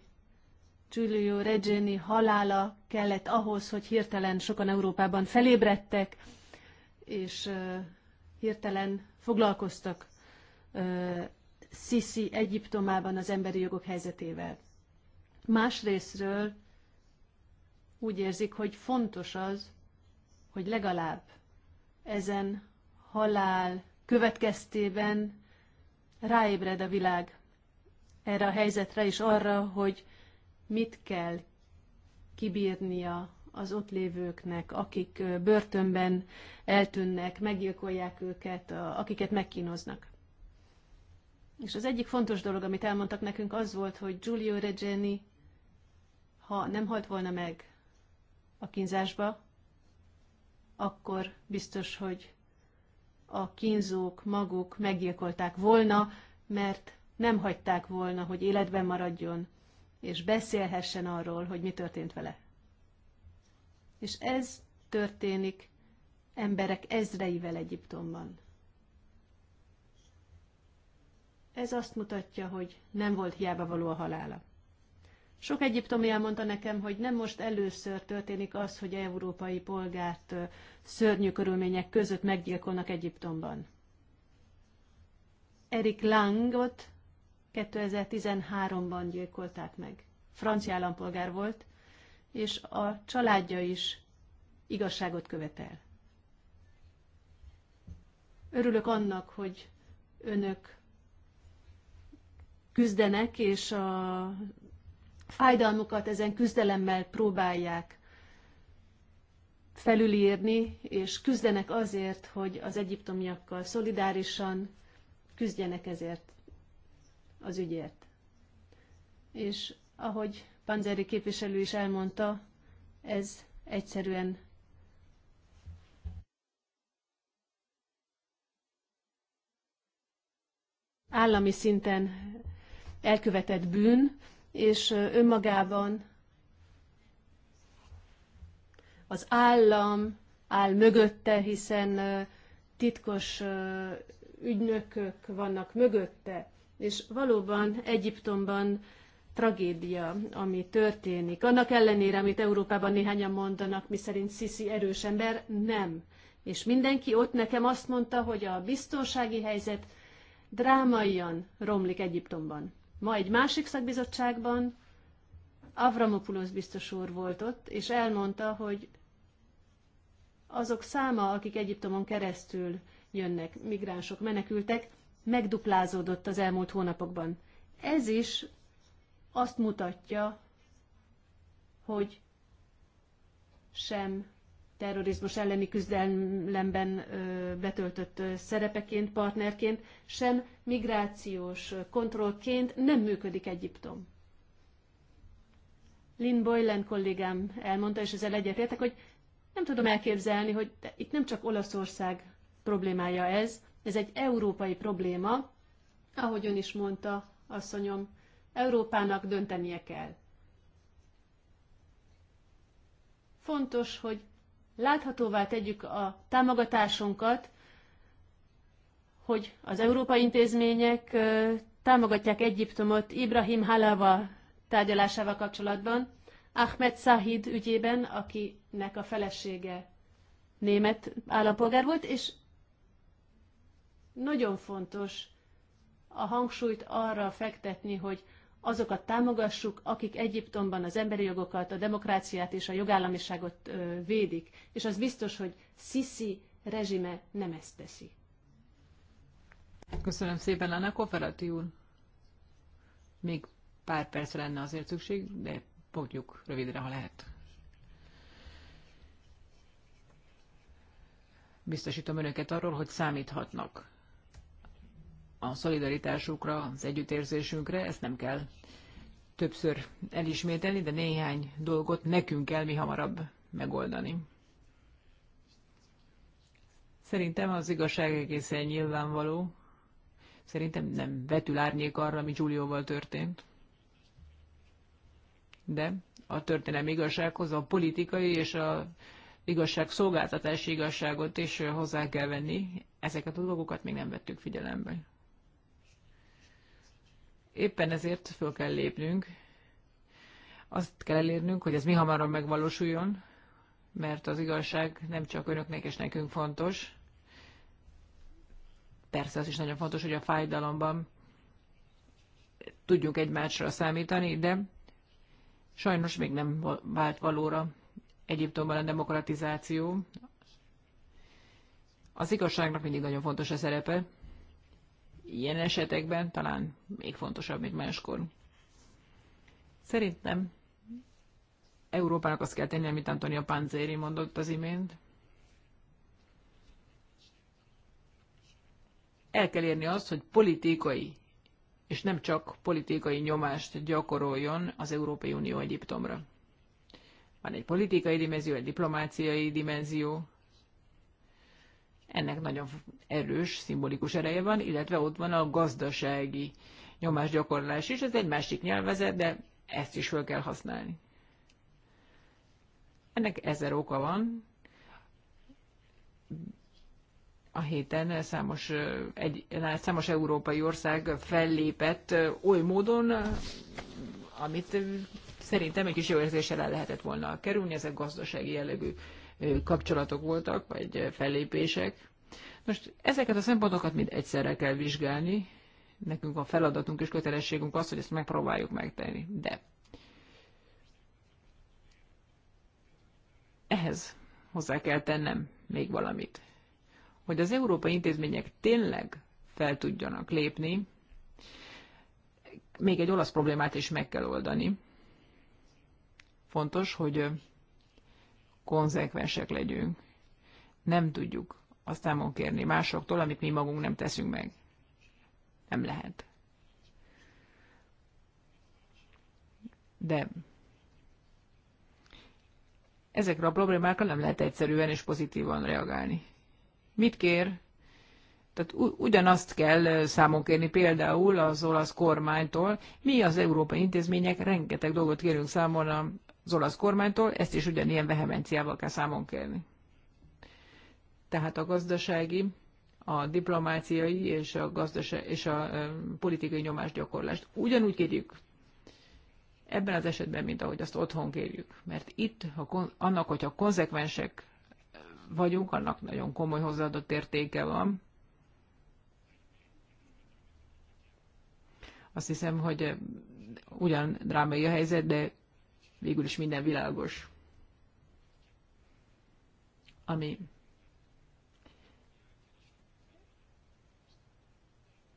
Giulio Regeni halála kellett ahhoz, hogy hirtelen sokan Európában felébredtek, és hirtelen foglalkoztak Sisi Egyiptomában az emberi jogok helyzetével. Másrésztről úgy érzik, hogy fontos az, hogy legalább ezen halál következtében ráébred a világ erre a helyzetre és arra, hogy mit kell kibírnia az ott lévőknek, akik börtönben eltűnnek, meggyilkolják őket, akiket megkínoznak. És az egyik fontos dolog, amit elmondtak nekünk, az volt, hogy Giulio Regeni, ha nem halt volna meg a kínzásba, akkor biztos, hogy a kínzók maguk meggyilkolták volna, mert nem hagyták volna, hogy életben maradjon, és beszélhessen arról, hogy mi történt vele. És ez történik emberek ezreivel Egyiptomban. Ez azt mutatja, hogy nem volt hiába való a halála. Sok egyiptomi elmondta nekem, hogy nem most először történik az, hogy európai polgárt szörnyű körülmények között meggyilkolnak Egyiptomban. Erik Langot 2013-ban gyilkolták meg. Francia állampolgár volt, és a családja is igazságot követel. Örülök annak, hogy önök küzdenek, és a fájdalmukat ezen küzdelemmel próbálják felülírni, és küzdenek azért, hogy az egyiptomiakkal szolidárisan küzdjenek ezért az ügyért. És ahogy Panzeri képviselő is elmondta, ez egyszerűen állami szinten elkövetett bűn, és önmagában az állam áll mögötte, hiszen titkos ügynökök vannak mögötte, és valóban Egyiptomban tragédia, ami történik. Annak ellenére, amit Európában néhányan mondanak, mi szerint Sisi erős ember, nem. És mindenki ott nekem azt mondta, hogy a biztonsági helyzet drámaian romlik Egyiptomban. Ma egy másik szakbizottságban Avramopoulos biztos úr volt ott, és elmondta, hogy azok száma, akik Egyiptomon keresztül jönnek, migránsok, menekültek, megduplázódott az elmúlt hónapokban. Ez is azt mutatja, hogy sem terrorizmus elleni küzdelemben betöltött szerepeként, partnerként, sem migrációs kontrollként nem működik Egyiptom. Lynn Boylan kollégám elmondta, és ezzel egyetértek, hogy nem tudom elképzelni, hogy itt nem csak Olaszország problémája ez, ez egy európai probléma, ahogy ön is mondta, asszonyom, Európának döntenie kell. Fontos, hogy láthatóvá tegyük a támogatásunkat, hogy az európai intézmények támogatják Egyiptomot Ibrahim Halava tárgyalásával kapcsolatban, Ahmed Sahid ügyében, akinek a felesége német állampolgár volt, és nagyon fontos a hangsúlyt arra fektetni, hogy azokat támogassuk, akik Egyiptomban az emberi jogokat, a demokráciát és a jogállamiságot védik. És az biztos, hogy Sisi rezsime nem ezt teszi. Köszönöm szépen, Anna Koferati úr. Még pár perc lenne azért szükség, de fogjuk rövidre, ha lehet. Biztosítom önöket arról, hogy számíthatnak a szolidaritásukra, az együttérzésünkre, ezt nem kell többször elismételni, de néhány dolgot nekünk kell mi hamarabb megoldani. Szerintem az igazság egészen nyilvánvaló. Szerintem nem vetül árnyék arra, ami Giulióval történt. De a történelmi igazsághoz a politikai és a igazság szolgáltatási igazságot is hozzá kell venni. Ezeket a dolgokat még nem vettük figyelembe. Éppen ezért föl kell lépnünk, azt kell elérnünk, hogy ez mi hamarabb megvalósuljon, mert az igazság nem csak önöknek és nekünk fontos. Persze az is nagyon fontos, hogy a fájdalomban tudjunk egymásra számítani, de sajnos még nem vált valóra Egyiptomban a demokratizáció. Az igazságnak mindig nagyon fontos a szerepe, ilyen esetekben talán még fontosabb, mint máskor. Szerintem Európának azt kell tenni, amit Antonio Panzeri mondott az imént. El kell érni azt, hogy politikai, és nem csak politikai nyomást gyakoroljon az Európai Unió Egyiptomra. Van egy politikai dimenzió, egy diplomáciai dimenzió, ennek nagyon erős, szimbolikus ereje van, illetve ott van a gazdasági nyomásgyakorlás is, ez egy másik nyelvezet, de ezt is fel kell használni. Ennek ezer oka van. A héten számos, egy, számos európai ország fellépett oly módon, amit szerintem egy kis jó érzéssel el lehetett volna kerülni, ezek gazdasági jellegű kapcsolatok voltak, vagy fellépések. Most ezeket a szempontokat mind egyszerre kell vizsgálni. Nekünk a feladatunk és kötelességünk az, hogy ezt megpróbáljuk megtenni. De ehhez hozzá kell tennem még valamit. Hogy az európai intézmények tényleg fel tudjanak lépni, még egy olasz problémát is meg kell oldani. Fontos, hogy konzekvensek legyünk. Nem tudjuk azt számon kérni másoktól, amit mi magunk nem teszünk meg. Nem lehet. De ezekre a problémákra nem lehet egyszerűen és pozitívan reagálni. Mit kér? Tehát ugyanazt kell számon kérni például az olasz kormánytól. Mi az európai intézmények rengeteg dolgot kérünk számon az olasz kormánytól, ezt is ugyanilyen vehemenciával kell számon kérni. Tehát a gazdasági, a diplomáciai és a, gazdaság, és a politikai nyomásgyakorlást ugyanúgy kérjük ebben az esetben, mint ahogy azt otthon kérjük. Mert itt, ha annak, hogyha konzekvensek vagyunk, annak nagyon komoly hozzáadott értéke van. Azt hiszem, hogy ugyan drámai a helyzet, de végül is minden világos. Ami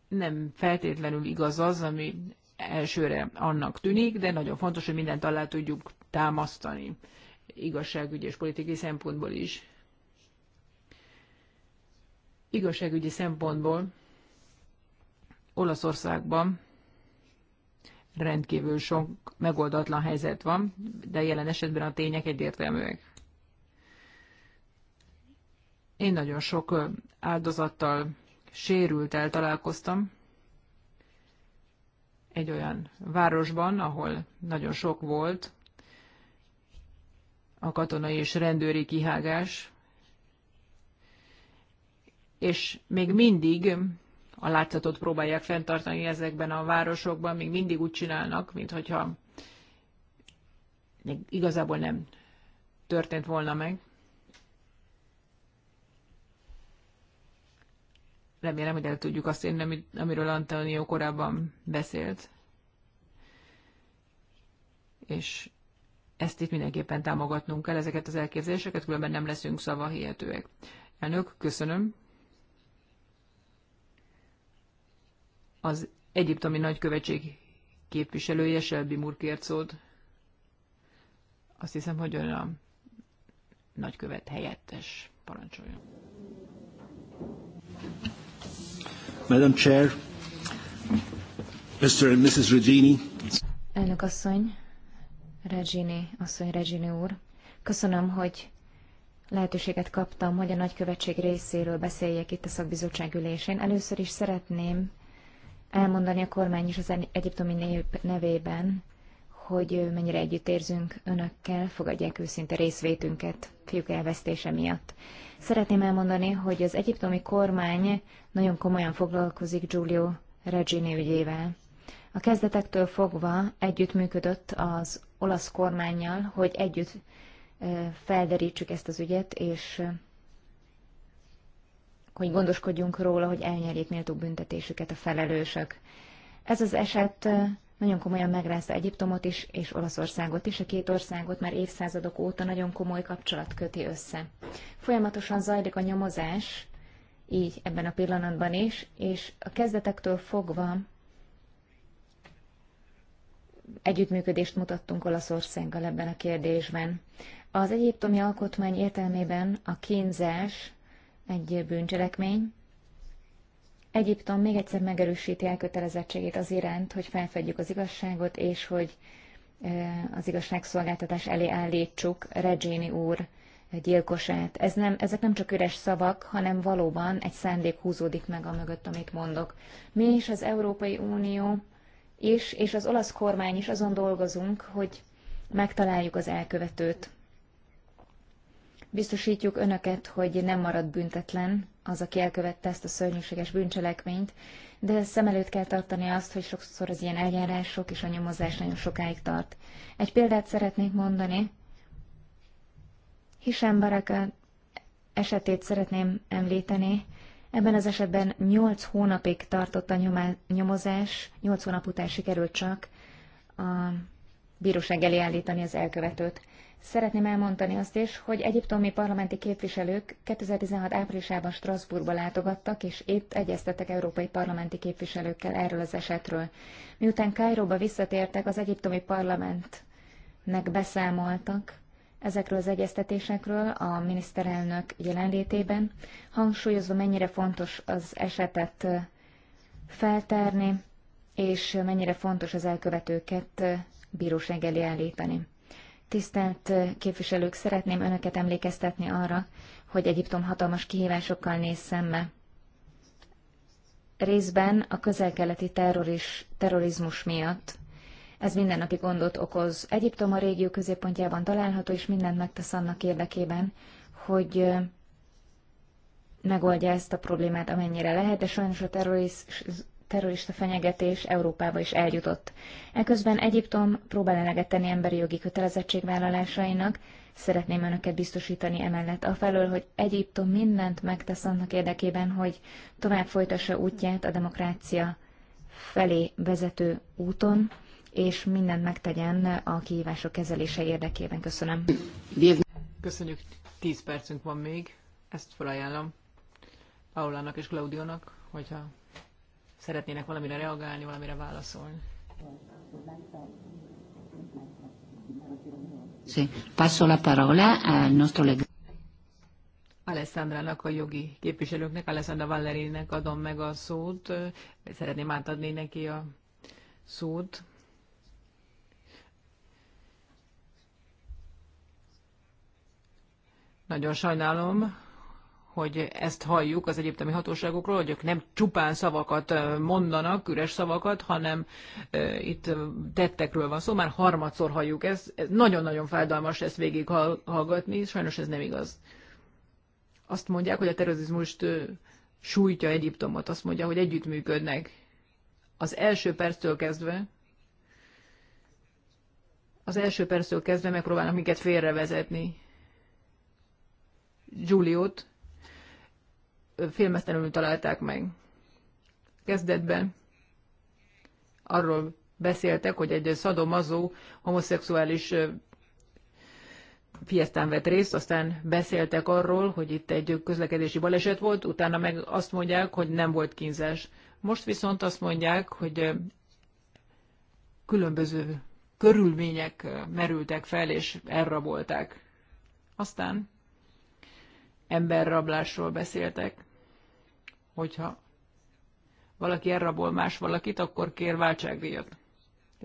nem feltétlenül igaz az, ami elsőre annak tűnik, de nagyon fontos, hogy mindent alá tudjuk támasztani igazságügyi és politikai szempontból is. Igazságügyi szempontból Olaszországban rendkívül sok megoldatlan helyzet van, de jelen esetben a tények egyértelműek. Én nagyon sok áldozattal sérült el találkoztam egy olyan városban, ahol nagyon sok volt a katonai és rendőri kihágás, és még mindig a látszatot próbálják fenntartani ezekben a városokban, még mindig úgy csinálnak, mintha igazából nem történt volna meg. Remélem, hogy el tudjuk azt én, amiről Antonio korábban beszélt. És ezt itt mindenképpen támogatnunk kell, ezeket az elképzeléseket, különben nem leszünk szavahihetőek. Elnök, köszönöm. az egyiptomi nagykövetség képviselője Selbi Mur kért Azt hiszem, hogy ön a nagykövet helyettes parancsolja. Madam Chair, Mr. and Mrs. Regini. Elnök asszony, Regini, asszony Regini úr, köszönöm, hogy lehetőséget kaptam, hogy a nagykövetség részéről beszéljek itt a szakbizottság ülésén. Először is szeretném elmondani a kormány is az egyiptomi nép nevében, hogy mennyire együttérzünk önökkel, fogadják őszinte részvétünket fiúk elvesztése miatt. Szeretném elmondani, hogy az egyiptomi kormány nagyon komolyan foglalkozik Giulio Regini ügyével. A kezdetektől fogva együttműködött az olasz kormányjal, hogy együtt felderítsük ezt az ügyet, és hogy gondoskodjunk róla, hogy elnyerjék méltó büntetésüket a felelősök. Ez az eset nagyon komolyan megrázta Egyiptomot is, és Olaszországot is. A két országot már évszázadok óta nagyon komoly kapcsolat köti össze. Folyamatosan zajlik a nyomozás, így ebben a pillanatban is, és a kezdetektől fogva együttműködést mutattunk Olaszországgal ebben a kérdésben. Az egyiptomi alkotmány értelmében a kínzás egy bűncselekmény. Egyiptom még egyszer megerősíti elkötelezettségét az iránt, hogy felfedjük az igazságot, és hogy az igazságszolgáltatás elé állítsuk Regini úr gyilkosát. Ez nem, ezek nem csak üres szavak, hanem valóban egy szándék húzódik meg a mögött, amit mondok. Mi is az Európai Unió is, és az olasz kormány is azon dolgozunk, hogy megtaláljuk az elkövetőt. Biztosítjuk önöket, hogy nem marad büntetlen az, aki elkövette ezt a szörnyűséges bűncselekményt, de szem előtt kell tartani azt, hogy sokszor az ilyen eljárások és a nyomozás nagyon sokáig tart. Egy példát szeretnék mondani. Hisem Baraka esetét szeretném említeni. Ebben az esetben 8 hónapig tartott a nyomozás, 8 hónap után sikerült csak a bíróság elé állítani az elkövetőt. Szeretném elmondani azt is, hogy egyiptomi parlamenti képviselők 2016 áprilisában Strasbourgba látogattak, és itt egyeztettek európai parlamenti képviselőkkel erről az esetről. Miután Kairóba visszatértek, az egyiptomi parlamentnek beszámoltak ezekről az egyeztetésekről a miniszterelnök jelenlétében, hangsúlyozva mennyire fontos az esetet feltárni, és mennyire fontos az elkövetőket bíróság elé állítani. Tisztelt eh, képviselők, szeretném önöket emlékeztetni arra, hogy Egyiptom hatalmas kihívásokkal néz szembe. Részben a közel-keleti terrorizmus miatt. Ez mindennapi gondot okoz. Egyiptom a régió középpontjában található, és mindent megtesz annak érdekében, hogy eh, megoldja ezt a problémát amennyire lehet, de sajnos a terrorista fenyegetés Európába is eljutott. Eközben Egyiptom próbál eleget tenni emberi jogi kötelezettségvállalásainak, szeretném önöket biztosítani emellett a felől, hogy Egyiptom mindent megtesz annak érdekében, hogy tovább folytassa útját a demokrácia felé vezető úton, és mindent megtegyen a kihívások kezelése érdekében. Köszönöm. Köszönjük. Tíz percünk van még. Ezt felajánlom Paulának és Claudionak, hogyha szeretnének valamire reagálni, valamire válaszolni. Sí. Passo la parola al nostro Alessandrának, a jogi képviselőknek, Alessandra Vallerének adom meg a szót. Szeretném átadni neki a szót. Nagyon sajnálom, hogy ezt halljuk az egyiptomi hatóságokról, hogy ők nem csupán szavakat mondanak, üres szavakat, hanem e, itt tettekről van szó. Már harmadszor halljuk ezt. Ez nagyon-nagyon fájdalmas ezt végig hallgatni, sajnos ez nem igaz. Azt mondják, hogy a terrorizmust sújtja Egyiptomot, azt mondja, hogy együttműködnek. Az első perctől kezdve, az első perctől kezdve megpróbálnak minket félrevezetni. Giuliot, félmeztelenül találták meg. Kezdetben arról beszéltek, hogy egy szadomazó homoszexuális fiesztán vett részt, aztán beszéltek arról, hogy itt egy közlekedési baleset volt, utána meg azt mondják, hogy nem volt kínzás. Most viszont azt mondják, hogy különböző körülmények merültek fel, és elrabolták. Aztán emberrablásról beszéltek hogyha valaki elrabol más valakit, akkor kér váltságdíjat.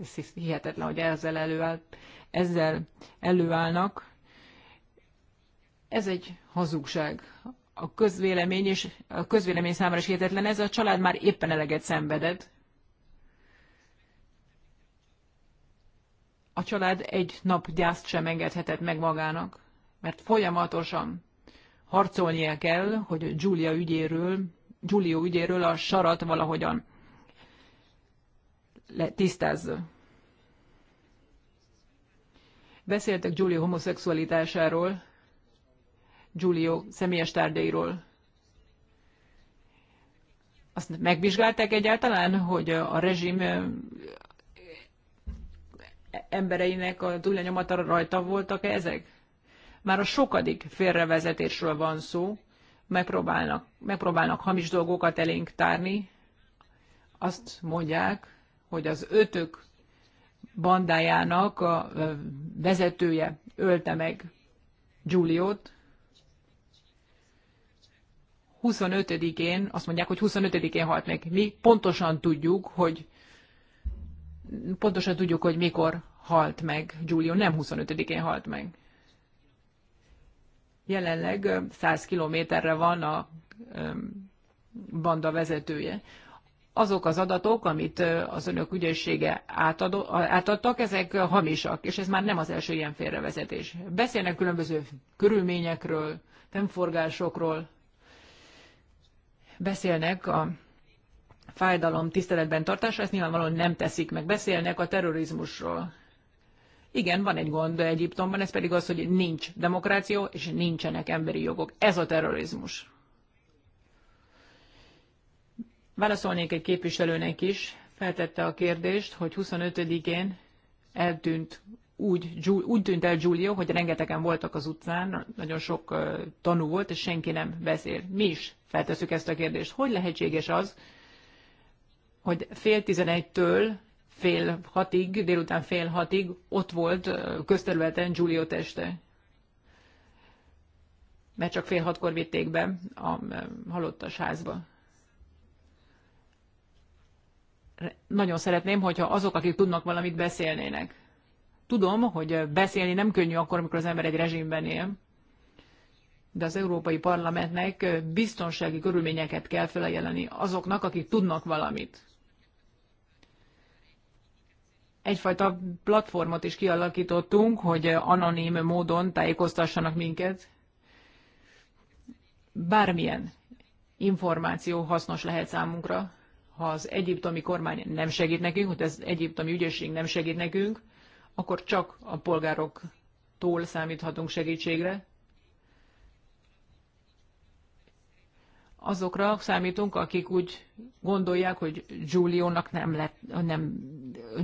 Ez hihetetlen, hogy ezzel, előáll, ezzel előállnak. Ez egy hazugság. A közvélemény, és a közvélemény számára is hihetetlen. Ez a család már éppen eleget szenvedett. A család egy nap gyászt sem engedhetett meg magának, mert folyamatosan harcolnia kell, hogy Julia ügyéről Giulio ügyéről a sarat valahogyan tisztázza. Beszéltek Giulio homoszexualitásáról, Giulio személyes tárgyairól. Azt megvizsgálták egyáltalán, hogy a rezsim embereinek a túlnyomata rajta voltak -e ezek? Már a sokadik félrevezetésről van szó, megpróbálnak, megpróbálnak hamis dolgokat elénk tárni. Azt mondják, hogy az ötök bandájának a vezetője ölte meg Giuliot. 25-én, azt mondják, hogy 25-én halt meg. Mi pontosan tudjuk, hogy pontosan tudjuk, hogy mikor halt meg Giulio, nem 25-én halt meg jelenleg 100 kilométerre van a banda vezetője. Azok az adatok, amit az önök ügyessége átadtak, ezek hamisak, és ez már nem az első ilyen félrevezetés. Beszélnek különböző körülményekről, temforgásokról, beszélnek a fájdalom tiszteletben tartása, ezt nyilvánvalóan nem teszik meg. Beszélnek a terrorizmusról. Igen, van egy gond Egyiptomban, ez pedig az, hogy nincs demokráció, és nincsenek emberi jogok. Ez a terrorizmus. Válaszolnék egy képviselőnek is, feltette a kérdést, hogy 25-én eltűnt úgy, úgy tűnt el Giulio, hogy rengetegen voltak az utcán, nagyon sok uh, tanú volt, és senki nem beszél. Mi is feltesszük ezt a kérdést. Hogy lehetséges az, hogy fél tizenegytől fél hatig, délután fél hatig ott volt közterületen Giulio teste. Mert csak fél hatkor vitték be a halottas házba. Nagyon szeretném, hogyha azok, akik tudnak valamit, beszélnének. Tudom, hogy beszélni nem könnyű akkor, amikor az ember egy rezsimben él, de az Európai Parlamentnek biztonsági körülményeket kell felajánlani azoknak, akik tudnak valamit egyfajta platformot is kialakítottunk, hogy anonim módon tájékoztassanak minket. Bármilyen információ hasznos lehet számunkra, ha az egyiptomi kormány nem segít nekünk, hogy az egyiptomi ügyesség nem segít nekünk, akkor csak a polgároktól számíthatunk segítségre. azokra számítunk, akik úgy gondolják, hogy Giulio-nak nem lett, nem,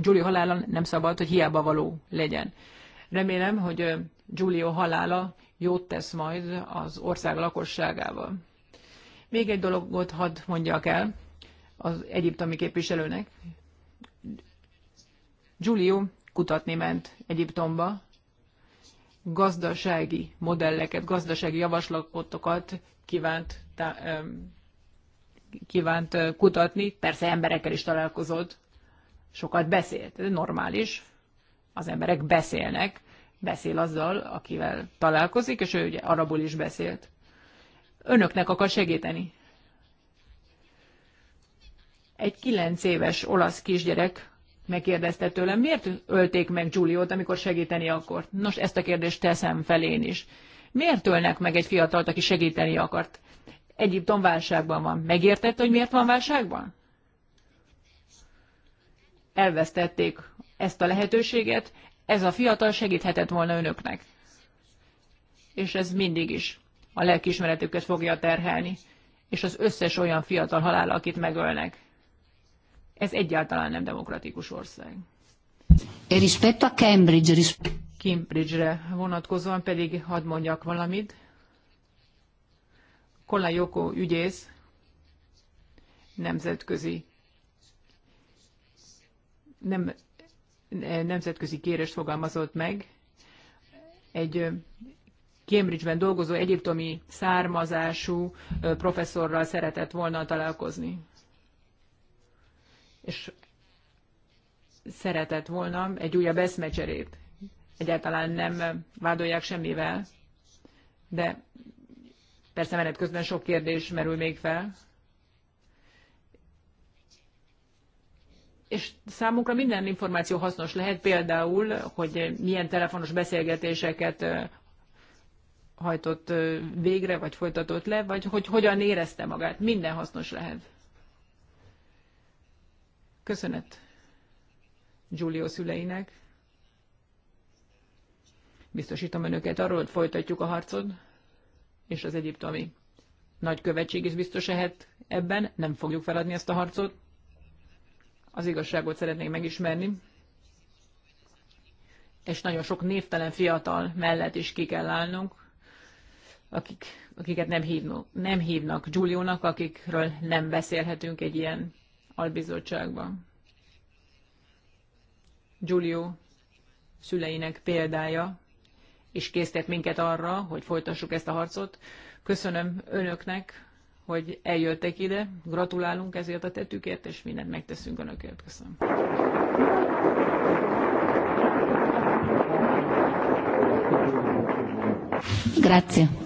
Giulio halála nem szabad, hogy hiába való legyen. Remélem, hogy Giulio halála jót tesz majd az ország lakosságával. Még egy dologot hadd mondjak el az egyiptomi képviselőnek. Giulio kutatni ment Egyiptomba, gazdasági modelleket, gazdasági javaslatokat kívánt, tá, kívánt kutatni. Persze emberekkel is találkozott, sokat beszélt, ez normális. Az emberek beszélnek, beszél azzal, akivel találkozik, és ő ugye arabul is beszélt. Önöknek akar segíteni. Egy kilenc éves olasz kisgyerek megkérdezte tőlem, miért ölték meg Giuliót, amikor segíteni akart? Nos, ezt a kérdést teszem felén is. Miért ölnek meg egy fiatalt, aki segíteni akart? Egyiptom válságban van. Megértette, hogy miért van válságban? Elvesztették ezt a lehetőséget, ez a fiatal segíthetett volna önöknek. És ez mindig is a lelkiismeretüket fogja terhelni, és az összes olyan fiatal halál, akit megölnek. Ez egyáltalán nem demokratikus ország. E rispetto a Cambridge... Cambridge-re vonatkozóan pedig hadd mondjak valamit. Kola Joko ügyész, nemzetközi nem, e, nemzetközi kérést fogalmazott meg. Egy Cambridge-ben dolgozó egyiptomi származású professzorral szeretett volna találkozni és szeretett volna egy újabb eszmecserét. Egyáltalán nem vádolják semmivel, de persze menet közben sok kérdés merül még fel. És számukra minden információ hasznos lehet, például, hogy milyen telefonos beszélgetéseket hajtott végre, vagy folytatott le, vagy hogy hogyan érezte magát. Minden hasznos lehet. Köszönet Giulio szüleinek. Biztosítom önöket arról, hogy folytatjuk a harcod, és az egyiptomi követség is biztos lehet ebben, nem fogjuk feladni ezt a harcot. Az igazságot szeretnék megismerni, és nagyon sok névtelen fiatal mellett is ki kell állnunk, akik, akiket nem, hívnak, nem hívnak Giuliónak, akikről nem beszélhetünk egy ilyen albizottságban. Giulio szüleinek példája és késztett minket arra, hogy folytassuk ezt a harcot. Köszönöm önöknek, hogy eljöttek ide, gratulálunk ezért a tettükért, és mindent megteszünk önökért. Köszönöm. Grazie.